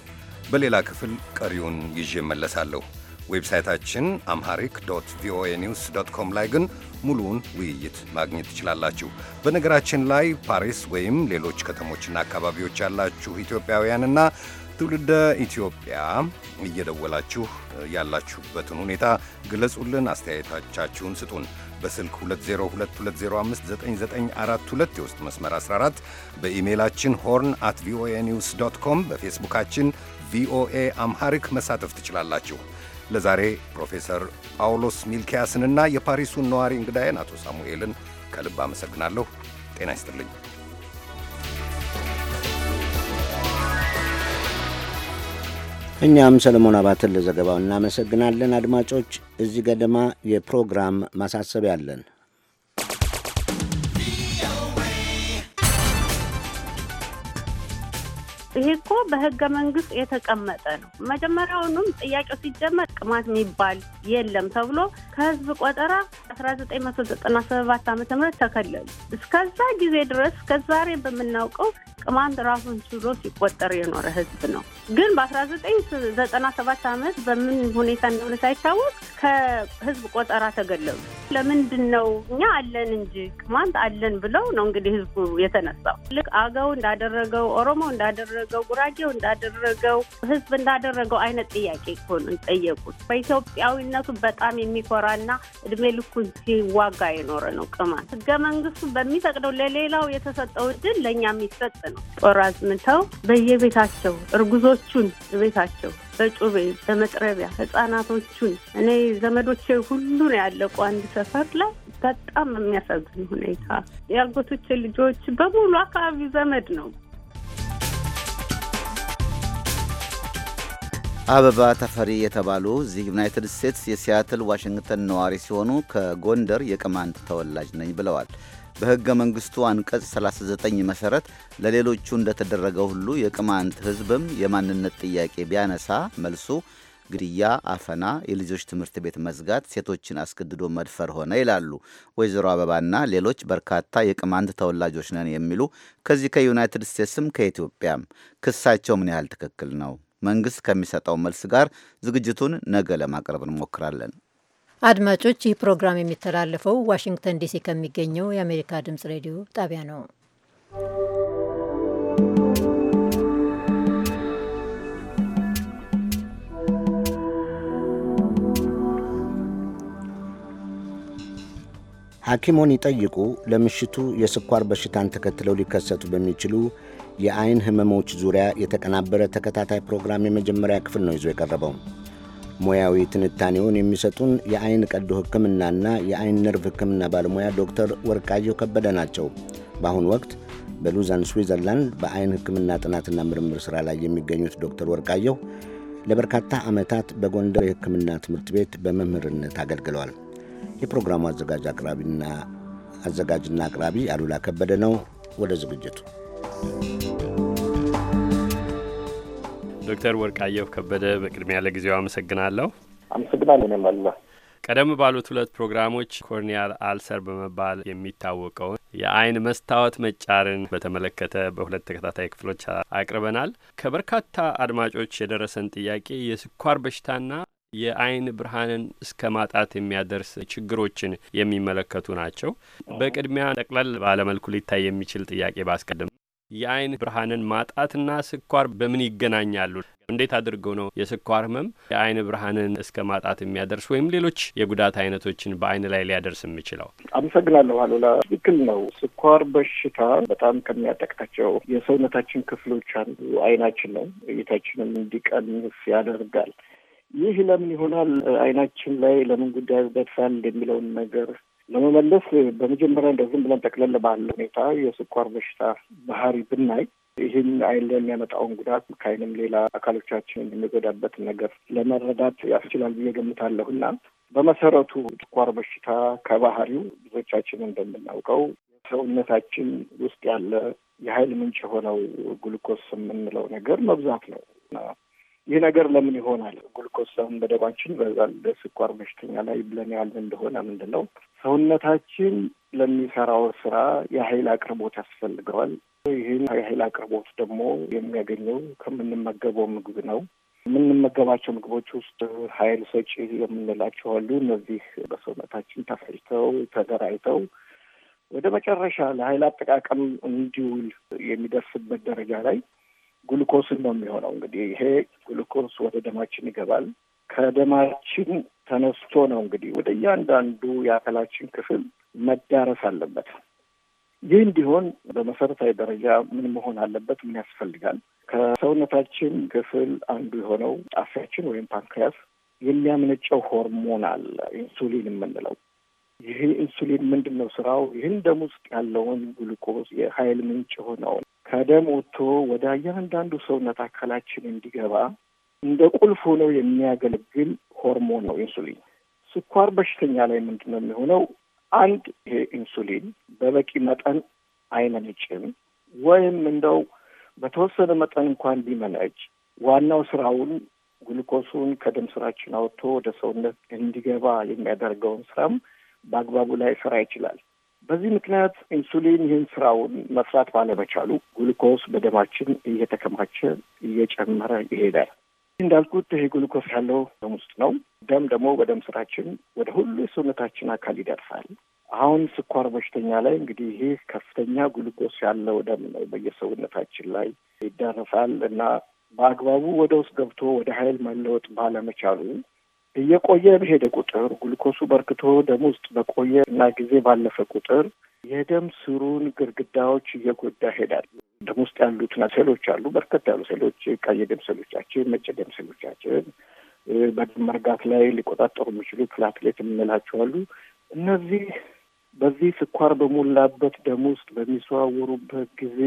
በሌላ ክፍል ቀሪውን ይዤ እመለሳለሁ። ዌብሳይታችን አምሃሪክ ዶት ቪኦኤ ኒውስ ዶት ኮም ላይ ግን ሙሉውን ውይይት ማግኘት ትችላላችሁ። በነገራችን ላይ ፓሪስ ወይም ሌሎች ከተሞችና አካባቢዎች ያላችሁ ኢትዮጵያውያንና ትውልደ ኢትዮጵያ እየደወላችሁ ያላችሁበትን ሁኔታ ግለጹልን፣ አስተያየቶቻችሁን ስጡን። በስልክ 2022059942 የውስጥ መስመር 14 በኢሜይላችን ሆርን አት ቪኦኤ ኒውስ ዶት ኮም በፌስቡካችን ቪኦኤ አምሃሪክ መሳተፍ ትችላላችሁ። ለዛሬ ፕሮፌሰር ጳውሎስ ሚልኪያስንና የፓሪሱን ነዋሪ እንግዳዬን አቶ ሳሙኤልን ከልብ አመሰግናለሁ። ጤና ይስጥልኝ። እኛም ሰለሞን አባትን ለዘገባው እናመሰግናለን። አድማጮች፣ እዚህ ገደማ የፕሮግራም ማሳሰቢያ አለን። ይሄ እኮ በህገ መንግስት የተቀመጠ ነው። መጀመሪያውኑም ጥያቄው ሲጀመር ቅማት የሚባል የለም ተብሎ ከህዝብ ቆጠራ 1997 ዓ ም ተከለሉ። እስከዛ ጊዜ ድረስ ከዛሬ በምናውቀው ቅማንት ራሱን ችሎ ሲቆጠር የኖረ ህዝብ ነው። ግን በ1997 ዓመት በምን ሁኔታ እንደሆነ ሳይታወቅ ከህዝብ ቆጠራ ተገለሉ። ለምንድን ነው እኛ አለን እንጂ ቅማንት አለን ብለው ነው እንግዲህ ህዝቡ የተነሳው። ልክ አገው እንዳደረገው ኦሮሞ እንዳደረገው እንዳደረገው ጉራጌው እንዳደረገው ህዝብ እንዳደረገው አይነት ጥያቄ እኮ ነው ጠየቁት። በኢትዮጵያዊነቱ በጣም የሚኮራና እድሜ ልኩን ሲዋጋ የኖረ ነው ቅማል። ህገ መንግስቱ በሚፈቅደው ለሌላው የተሰጠው እድል ለእኛ የሚሰጥ ነው። ጦር አዝምተው በየቤታቸው እርጉዞቹን ቤታቸው በጩቤ በመጥረቢያ ህጻናቶቹን እኔ ዘመዶቼ ሁሉ ነው ያለቁ አንድ ሰፈር ላይ በጣም የሚያሳዝን ሁኔታ የአጎቶቼ ልጆች በሙሉ አካባቢ ዘመድ ነው አበባ ተፈሪ የተባሉ እዚህ ዩናይትድ ስቴትስ የሲያትል ዋሽንግተን ነዋሪ ሲሆኑ ከጎንደር የቅማንት ተወላጅ ነኝ ብለዋል። በሕገ መንግሥቱ አንቀጽ 39 መሠረት ለሌሎቹ እንደተደረገው ሁሉ የቅማንት ሕዝብም የማንነት ጥያቄ ቢያነሳ መልሱ ግድያ፣ አፈና፣ የልጆች ትምህርት ቤት መዝጋት፣ ሴቶችን አስገድዶ መድፈር ሆነ ይላሉ ወይዘሮ አበባና ሌሎች በርካታ የቅማንት ተወላጆች ነን የሚሉ ከዚህ ከዩናይትድ ስቴትስም ከኢትዮጵያም። ክሳቸው ምን ያህል ትክክል ነው? መንግስት ከሚሰጠው መልስ ጋር ዝግጅቱን ነገ ለማቅረብ እንሞክራለን። አድማጮች፣ ይህ ፕሮግራም የሚተላለፈው ዋሽንግተን ዲሲ ከሚገኘው የአሜሪካ ድምጽ ሬዲዮ ጣቢያ ነው። ሐኪሞን ይጠይቁ ለምሽቱ የስኳር በሽታን ተከትለው ሊከሰቱ በሚችሉ የአይን ህመሞች ዙሪያ የተቀናበረ ተከታታይ ፕሮግራም የመጀመሪያ ክፍል ነው ይዞ የቀረበው። ሙያዊ ትንታኔውን የሚሰጡን የአይን ቀዶ ህክምናና የአይን ነርቭ ህክምና ባለሙያ ዶክተር ወርቃየሁ ከበደ ናቸው። በአሁኑ ወቅት በሉዛን ስዊዘርላንድ በአይን ህክምና ጥናትና ምርምር ሥራ ላይ የሚገኙት ዶክተር ወርቃየሁ ለበርካታ ዓመታት በጎንደር የህክምና ትምህርት ቤት በመምህርነት አገልግለዋል። የፕሮግራሙ አዘጋጅና አቅራቢ አሉላ ከበደ ነው። ወደ ዝግጅቱ ዶክተር ወርቃየሁ ከበደ በቅድሚያ ለጊዜው አመሰግናለሁ። አመሰግናለሁ እኔም አሉላ ቀደም ባሉት ሁለት ፕሮግራሞች ኮርኒያል አልሰር በመባል የሚታወቀውን የአይን መስታወት መጫርን በተመለከተ በሁለት ተከታታይ ክፍሎች አቅርበናል። ከበርካታ አድማጮች የደረሰን ጥያቄ የስኳር በሽታና የአይን ብርሃንን እስከ ማጣት የሚያደርስ ችግሮችን የሚመለከቱ ናቸው። በቅድሚያ ጠቅለል ባለመልኩ ሊታይ የሚችል ጥያቄ ባስቀድም የአይን ብርሃንን ማጣትና ስኳር በምን ይገናኛሉ? እንዴት አድርገው ነው የስኳር ህመም የአይን ብርሃንን እስከ ማጣት የሚያደርስ ወይም ሌሎች የጉዳት አይነቶችን በአይን ላይ ሊያደርስ የሚችለው? አመሰግናለሁ አሉላ። ትክክል ነው። ስኳር በሽታ በጣም ከሚያጠቅታቸው የሰውነታችን ክፍሎች አንዱ አይናችን ነው። እይታችንም እንዲቀንስ ያደርጋል። ይህ ለምን ይሆናል? አይናችን ላይ ለምን ጉዳይ ጉዳት የሚለውን ነገር ለመመለስ በመጀመሪያ እንደ ዝም ብለን ጠቅለል ባለ ሁኔታ የስኳር በሽታ ባህሪ ብናይ ይህን አይን ላይ የሚያመጣውን ጉዳት ከአይንም ሌላ አካሎቻችን የሚጎዳበት ነገር ለመረዳት ያስችላል ብዬ ገምታለሁ እና በመሰረቱ ስኳር በሽታ ከባህሪው ብዙዎቻችን እንደምናውቀው ሰውነታችን ውስጥ ያለ የሀይል ምንጭ የሆነው ግሉኮስ የምንለው ነገር መብዛት ነው። ይህ ነገር ለምን ይሆናል? ጉልኮስ በደባችን በዛል ለስኳር በሽተኛ ላይ ብለን ያል እንደሆነ ምንድን ነው ሰውነታችን ለሚሰራው ስራ የኃይል አቅርቦት ያስፈልገዋል። ይህን የኃይል አቅርቦት ደግሞ የሚያገኘው ከምንመገበው ምግብ ነው። የምንመገባቸው ምግቦች ውስጥ ኃይል ሰጪ የምንላቸው አሉ። እነዚህ በሰውነታችን ተፈጭተው ተደራጅተው ወደ መጨረሻ ለኃይል አጠቃቀም እንዲውል የሚደርስበት ደረጃ ላይ ግሉኮስን ነው የሚሆነው። እንግዲህ ይሄ ግሉኮስ ወደ ደማችን ይገባል። ከደማችን ተነስቶ ነው እንግዲህ ወደ እያንዳንዱ የአካላችን ክፍል መዳረስ አለበት። ይህ እንዲሆን በመሰረታዊ ደረጃ ምን መሆን አለበት? ምን ያስፈልጋል? ከሰውነታችን ክፍል አንዱ የሆነው ጣፊያችን ወይም ፓንክሪያስ የሚያምነጨው ሆርሞን አለ፣ ኢንሱሊን የምንለው ይህ ኢንሱሊን ምንድን ነው ስራው? ይህን ደም ውስጥ ያለውን ግሉኮስ የሀይል ምንጭ የሆነውን ከደም ወጥቶ ወደ እያንዳንዱ ሰውነት አካላችን እንዲገባ እንደ ቁልፍ ሆኖ የሚያገለግል ሆርሞን ነው ኢንሱሊን። ስኳር በሽተኛ ላይ ምንድን ነው የሚሆነው? አንድ ይሄ ኢንሱሊን በበቂ መጠን አይመነጭም፣ ወይም እንደው በተወሰነ መጠን እንኳን ቢመነጭ ዋናው ስራውን ግሉኮሱን ከደም ስራችን አውጥቶ ወደ ሰውነት እንዲገባ የሚያደርገውን ስራም በአግባቡ ላይ ስራ ይችላል። በዚህ ምክንያት ኢንሱሊን ይህን ስራውን መስራት ባለመቻሉ ግሉኮስ በደማችን እየተከማቸ እየጨመረ ይሄዳል። እንዳልኩት ይሄ ግሉኮስ ያለው ደም ውስጥ ነው። ደም ደግሞ በደም ስራችን ወደ ሁሉ የሰውነታችን አካል ይደርሳል። አሁን ስኳር በሽተኛ ላይ እንግዲህ ይሄ ከፍተኛ ግሉኮስ ያለው ደም ነው በየሰውነታችን ላይ ይደረሳል እና በአግባቡ ወደ ውስጥ ገብቶ ወደ ኃይል መለወጥ ባለመቻሉ እየቆየ በሄደ ቁጥር ግሉኮሱ በርክቶ ደም ውስጥ በቆየ እና ጊዜ ባለፈ ቁጥር የደም ስሩን ግርግዳዎች እየጎዳ ሄዳል። ደም ውስጥ ያሉት ሴሎች አሉ። በርከት ያሉ ሴሎች ቀይ ደም ሴሎቻችን፣ ነጭ ደም ሴሎቻችን፣ በደም መርጋት ላይ ሊቆጣጠሩ የሚችሉ ፕላትሌት የምንላቸዋሉ። እነዚህ በዚህ ስኳር በሞላበት ደም ውስጥ በሚዘዋወሩበት ጊዜ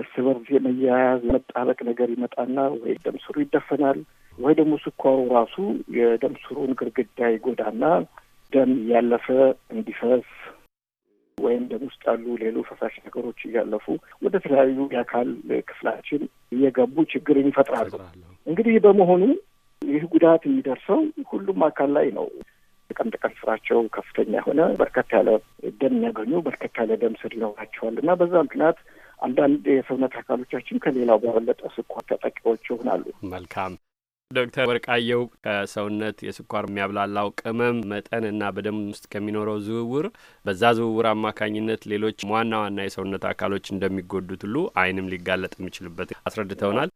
እርስ በርስ የመያያዝ መጣበቅ ነገር ይመጣና ወይ ደም ስሩ ይደፈናል ወይ ደግሞ ስኳሩ ራሱ የደም ስሩን ግርግዳ ይጎዳና ደም እያለፈ እንዲፈስ ወይም ደም ውስጥ ያሉ ሌሎ ፈሳሽ ነገሮች እያለፉ ወደ ተለያዩ የአካል ክፍላችን እየገቡ ችግርን ይፈጥራሉ። እንግዲህ በመሆኑ ይህ ጉዳት የሚደርሰው ሁሉም አካል ላይ ነው። ጥቀም ጥቀም ስራቸው ከፍተኛ የሆነ በርከት ያለ ደም የሚያገኙ በርከት ያለ ደም ስር ይኖራቸዋል እና በዛ ምክንያት አንዳንድ የሰውነት አካሎቻችን ከሌላው በበለጠ ስኳር ተጠቂዎች ይሆናሉ። መልካም ዶክተር ወርቃየው ከሰውነት የስኳር የሚያብላላው ቅመም እና በደም ውስጥ ከሚኖረው ዝውውር በዛ ዝውውር አማካኝነት ሌሎች ዋና ዋና የሰውነት አካሎች እንደሚጎዱት ሁሉ አይንም ሊጋለጥ የሚችልበት አስረድተውናል።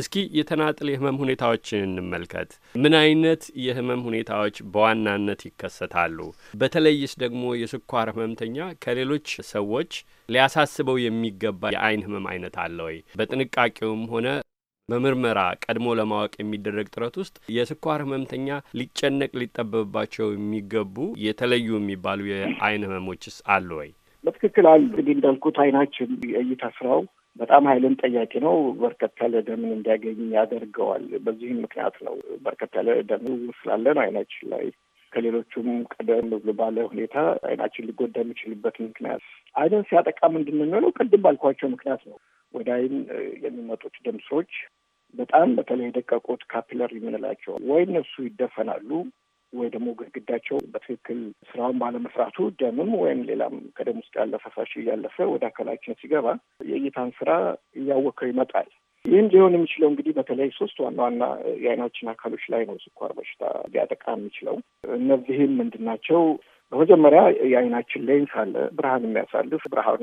እስኪ የተናጥል የህመም ሁኔታዎችን እንመልከት። ምን አይነት የህመም ሁኔታዎች በዋናነት ይከሰታሉ? በተለይስ ደግሞ የስኳር ህመምተኛ ከሌሎች ሰዎች ሊያሳስበው የሚገባ የአይን ህመም አይነት አለ ወይ? በጥንቃቄውም ሆነ በምርመራ ቀድሞ ለማወቅ የሚደረግ ጥረት ውስጥ የስኳር ህመምተኛ ሊጨነቅ ሊጠበብባቸው የሚገቡ የተለዩ የሚባሉ የአይን ህመሞችስ አሉ ወይ? በትክክል አሉ። እንግዲህ እንዳልኩት አይናችን እይታ ስራው በጣም ኃይልን ጠያቂ ነው። በርከት ያለ ደምን እንዲያገኝ ያደርገዋል። በዚህም ምክንያት ነው በርከት ያለ ደም ስላለን አይናችን ላይ ከሌሎቹም ቀደም ብሎ ባለ ሁኔታ አይናችን ሊጎዳ የሚችልበት ምክንያት አይንን ሲያጠቃ ምንድን ነው የሚሆነው? ቅድም ባልኳቸው ምክንያት ነው ወደ አይን የሚመጡት ደም ስሮች በጣም በተለይ የደቀቁት ካፒለር የምንላቸው ወይ እነሱ ይደፈናሉ ወይ ደግሞ ግድግዳቸው በትክክል ስራውን ባለመስራቱ ደምም ወይም ሌላም ከደም ውስጥ ያለ ፈሳሽ እያለፈ ወደ አካላችን ሲገባ የእይታን ስራ እያወከው ይመጣል። ይህም ሊሆን የሚችለው እንግዲህ በተለይ ሶስት ዋና ዋና የአይናችን አካሎች ላይ ነው ስኳር በሽታ ሊያጠቃ የሚችለው። እነዚህም ምንድን ናቸው? በመጀመሪያ የአይናችን ሌንስ አለ፣ ብርሃን የሚያሳልፍ ብርሃኑ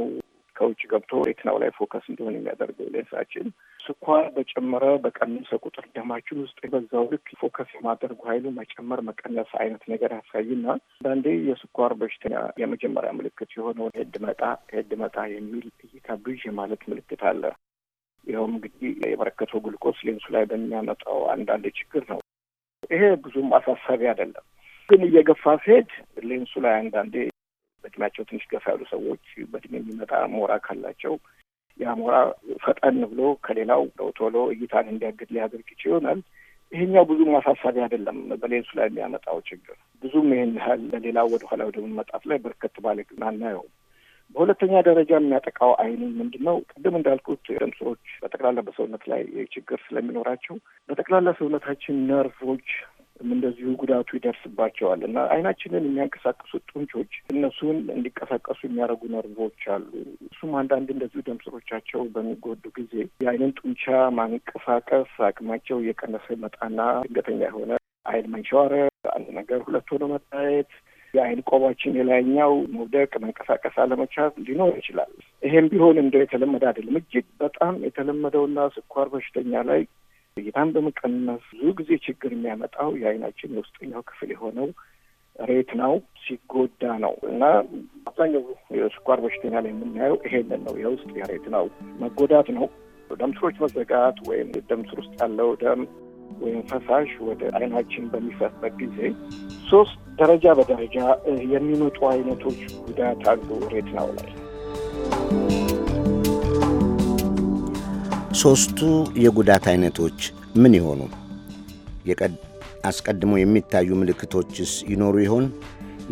ከውጭ ገብቶ ሬቲናው ላይ ፎከስ እንዲሆን የሚያደርገው ሌንሳችን ስኳር በጨመረ በቀነሰ ቁጥር ደማችን ውስጥ በዛው ልክ ፎከስ የማደርጉ ኃይሉ መጨመር መቀነስ አይነት ነገር ያሳይና አንዳንዴ የስኳር በሽተኛ የመጀመሪያ ምልክት የሆነውን ሄድ መጣ ሄድ መጣ የሚል እይታ ብዥ ማለት ምልክት አለ። ይኸውም እንግዲህ የበረከተው ግሉኮስ ሌንሱ ላይ በሚያመጣው አንዳንድ ችግር ነው። ይሄ ብዙም አሳሳቢ አይደለም፣ ግን እየገፋ ሲሄድ ሌንሱ ላይ አንዳንዴ በእድሜያቸው ትንሽ ገፋ ያሉ ሰዎች በእድሜ የሚመጣ ሞራ ካላቸው ያ ሞራ ፈጠን ብሎ ከሌላው ቶሎ እይታን እንዲያግድ ሊያደርግ ይሆናል። ይሄኛው ብዙም አሳሳቢ አይደለም። በሌንሱ ላይ የሚያመጣው ችግር ብዙም ይህን ያህል ለሌላው ወደኋላ ወደመመጣት ላይ በርከት ባለ ግን አናየውም። በሁለተኛ ደረጃ የሚያጠቃው አይንን ምንድን ነው? ቅድም እንዳልኩት ደም ስሮች በጠቅላላ በሰውነት ላይ ችግር ስለሚኖራቸው በጠቅላላ ሰውነታችን ነርቮች እንደዚሁ ጉዳቱ ይደርስባቸዋል እና አይናችንን የሚያንቀሳቀሱ ጡንቾች እነሱን እንዲቀሳቀሱ የሚያደርጉ ነርቮች አሉ። እሱም አንዳንድ እንደዚሁ ደም ስሮቻቸው በሚጎዱ ጊዜ የአይንን ጡንቻ ማንቀሳቀስ አቅማቸው የቀነሰ መጣና ድንገተኛ የሆነ አይን መንሸዋረር፣ አንድ ነገር ሁለት ሆኖ መታየት የአይን ቆባችን የላይኛው መውደቅ፣ መንቀሳቀስ አለመቻል ሊኖር ይችላል። ይሄም ቢሆን እንደው የተለመደ አይደለም። እጅግ በጣም የተለመደውና ስኳር በሽተኛ ላይ እይታን በመቀነስ ብዙ ጊዜ ችግር የሚያመጣው የአይናችን የውስጠኛው ክፍል የሆነው ነው ሲጎዳ ነው እና አብዛኛው የስኳር በሽተኛ ላይ የምናየው ይሄንን ነው። የውስጥ ነው መጎዳት ነው። ደም ስሮች መዘጋት ወይም ደም ስር ውስጥ ያለው ደም ወይም ፈሳሽ ወደ አይናችን በሚፈስበት ጊዜ ሶስት ደረጃ በደረጃ የሚመጡ አይነቶች ጉዳት አሉ ነው ላይ ሦስቱ የጉዳት አይነቶች ምን ይሆኑ? አስቀድሞ የሚታዩ ምልክቶችስ ይኖሩ ይሆን?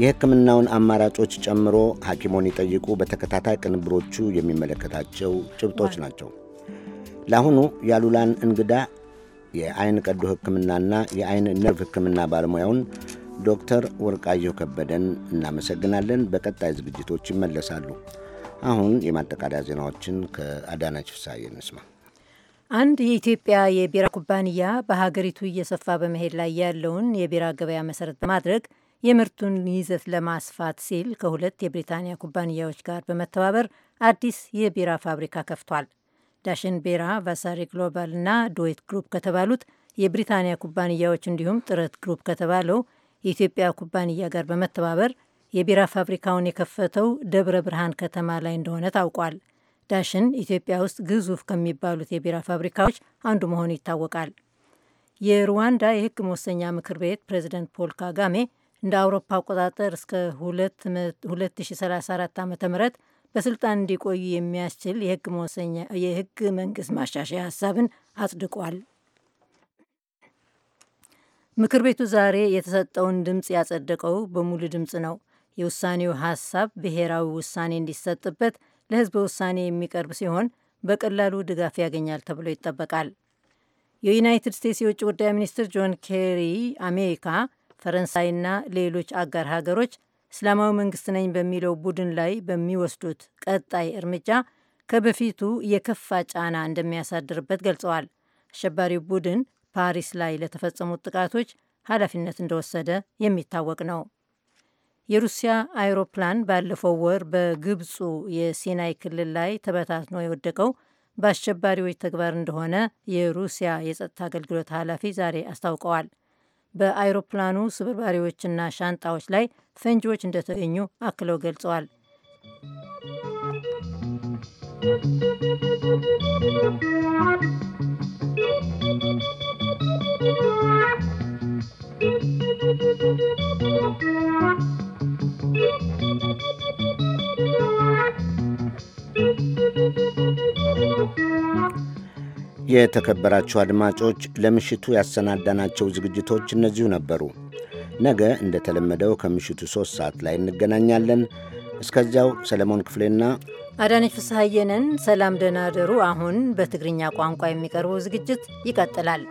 የሕክምናውን አማራጮች ጨምሮ ሐኪሞን ይጠይቁ በተከታታይ ቅንብሮቹ የሚመለከታቸው ጭብጦች ናቸው። ለአሁኑ ያሉላን እንግዳ የአይን ቀዶ ሕክምናና የአይን ነርቭ ሕክምና ባለሙያውን ዶክተር ወርቃየሁ ከበደን እናመሰግናለን። በቀጣይ ዝግጅቶች ይመለሳሉ። አሁን የማጠቃለያ ዜናዎችን ከአዳናች ፍሳዬ እንስማ። አንድ የኢትዮጵያ የቢራ ኩባንያ በሀገሪቱ እየሰፋ በመሄድ ላይ ያለውን የቢራ ገበያ መሰረት በማድረግ የምርቱን ይዘት ለማስፋት ሲል ከሁለት የብሪታንያ ኩባንያዎች ጋር በመተባበር አዲስ የቢራ ፋብሪካ ከፍቷል። ዳሽን ቢራ፣ ቫሳሪ ግሎባል እና ዶዌት ግሩፕ ከተባሉት የብሪታንያ ኩባንያዎች እንዲሁም ጥረት ግሩፕ ከተባለው የኢትዮጵያ ኩባንያ ጋር በመተባበር የቢራ ፋብሪካውን የከፈተው ደብረ ብርሃን ከተማ ላይ እንደሆነ ታውቋል። ዳሽን ኢትዮጵያ ውስጥ ግዙፍ ከሚባሉት የቢራ ፋብሪካዎች አንዱ መሆኑ ይታወቃል። የሩዋንዳ የሕግ መወሰኛ ምክር ቤት ፕሬዚደንት ፖል ካጋሜ እንደ አውሮፓ አቆጣጠር እስከ 2034 ዓ ም በስልጣን እንዲቆዩ የሚያስችል የሕግ መንግስት ማሻሻያ ሀሳብን አጽድቋል። ምክር ቤቱ ዛሬ የተሰጠውን ድምፅ ያጸደቀው በሙሉ ድምፅ ነው። የውሳኔው ሀሳብ ብሔራዊ ውሳኔ እንዲሰጥበት ለህዝበ ውሳኔ የሚቀርብ ሲሆን በቀላሉ ድጋፍ ያገኛል ተብሎ ይጠበቃል። የዩናይትድ ስቴትስ የውጭ ጉዳይ ሚኒስትር ጆን ኬሪ አሜሪካ፣ ፈረንሳይና ሌሎች አጋር ሀገሮች እስላማዊ መንግስት ነኝ በሚለው ቡድን ላይ በሚወስዱት ቀጣይ እርምጃ ከበፊቱ የከፋ ጫና እንደሚያሳድርበት ገልጸዋል። አሸባሪው ቡድን ፓሪስ ላይ ለተፈጸሙት ጥቃቶች ኃላፊነት እንደወሰደ የሚታወቅ ነው። የሩሲያ አይሮፕላን ባለፈው ወር በግብፁ የሲናይ ክልል ላይ ተበታትኖ የወደቀው በአሸባሪዎች ተግባር እንደሆነ የሩሲያ የጸጥታ አገልግሎት ኃላፊ ዛሬ አስታውቀዋል። በአይሮፕላኑ ስብርባሪዎችና ሻንጣዎች ላይ ፈንጂዎች እንደተገኙ አክለው ገልጸዋል። Thank you. የተከበራችሁ አድማጮች ለምሽቱ ያሰናዳናቸው ዝግጅቶች እነዚሁ ነበሩ። ነገ እንደተለመደው ከምሽቱ ሦስት ሰዓት ላይ እንገናኛለን። እስከዚያው ሰለሞን ክፍሌና አዳነች ፍስሐየንን ሰላም ደህና አሁን በትግርኛ ቋንቋ የሚቀርበው ዝግጅት ይቀጥላል።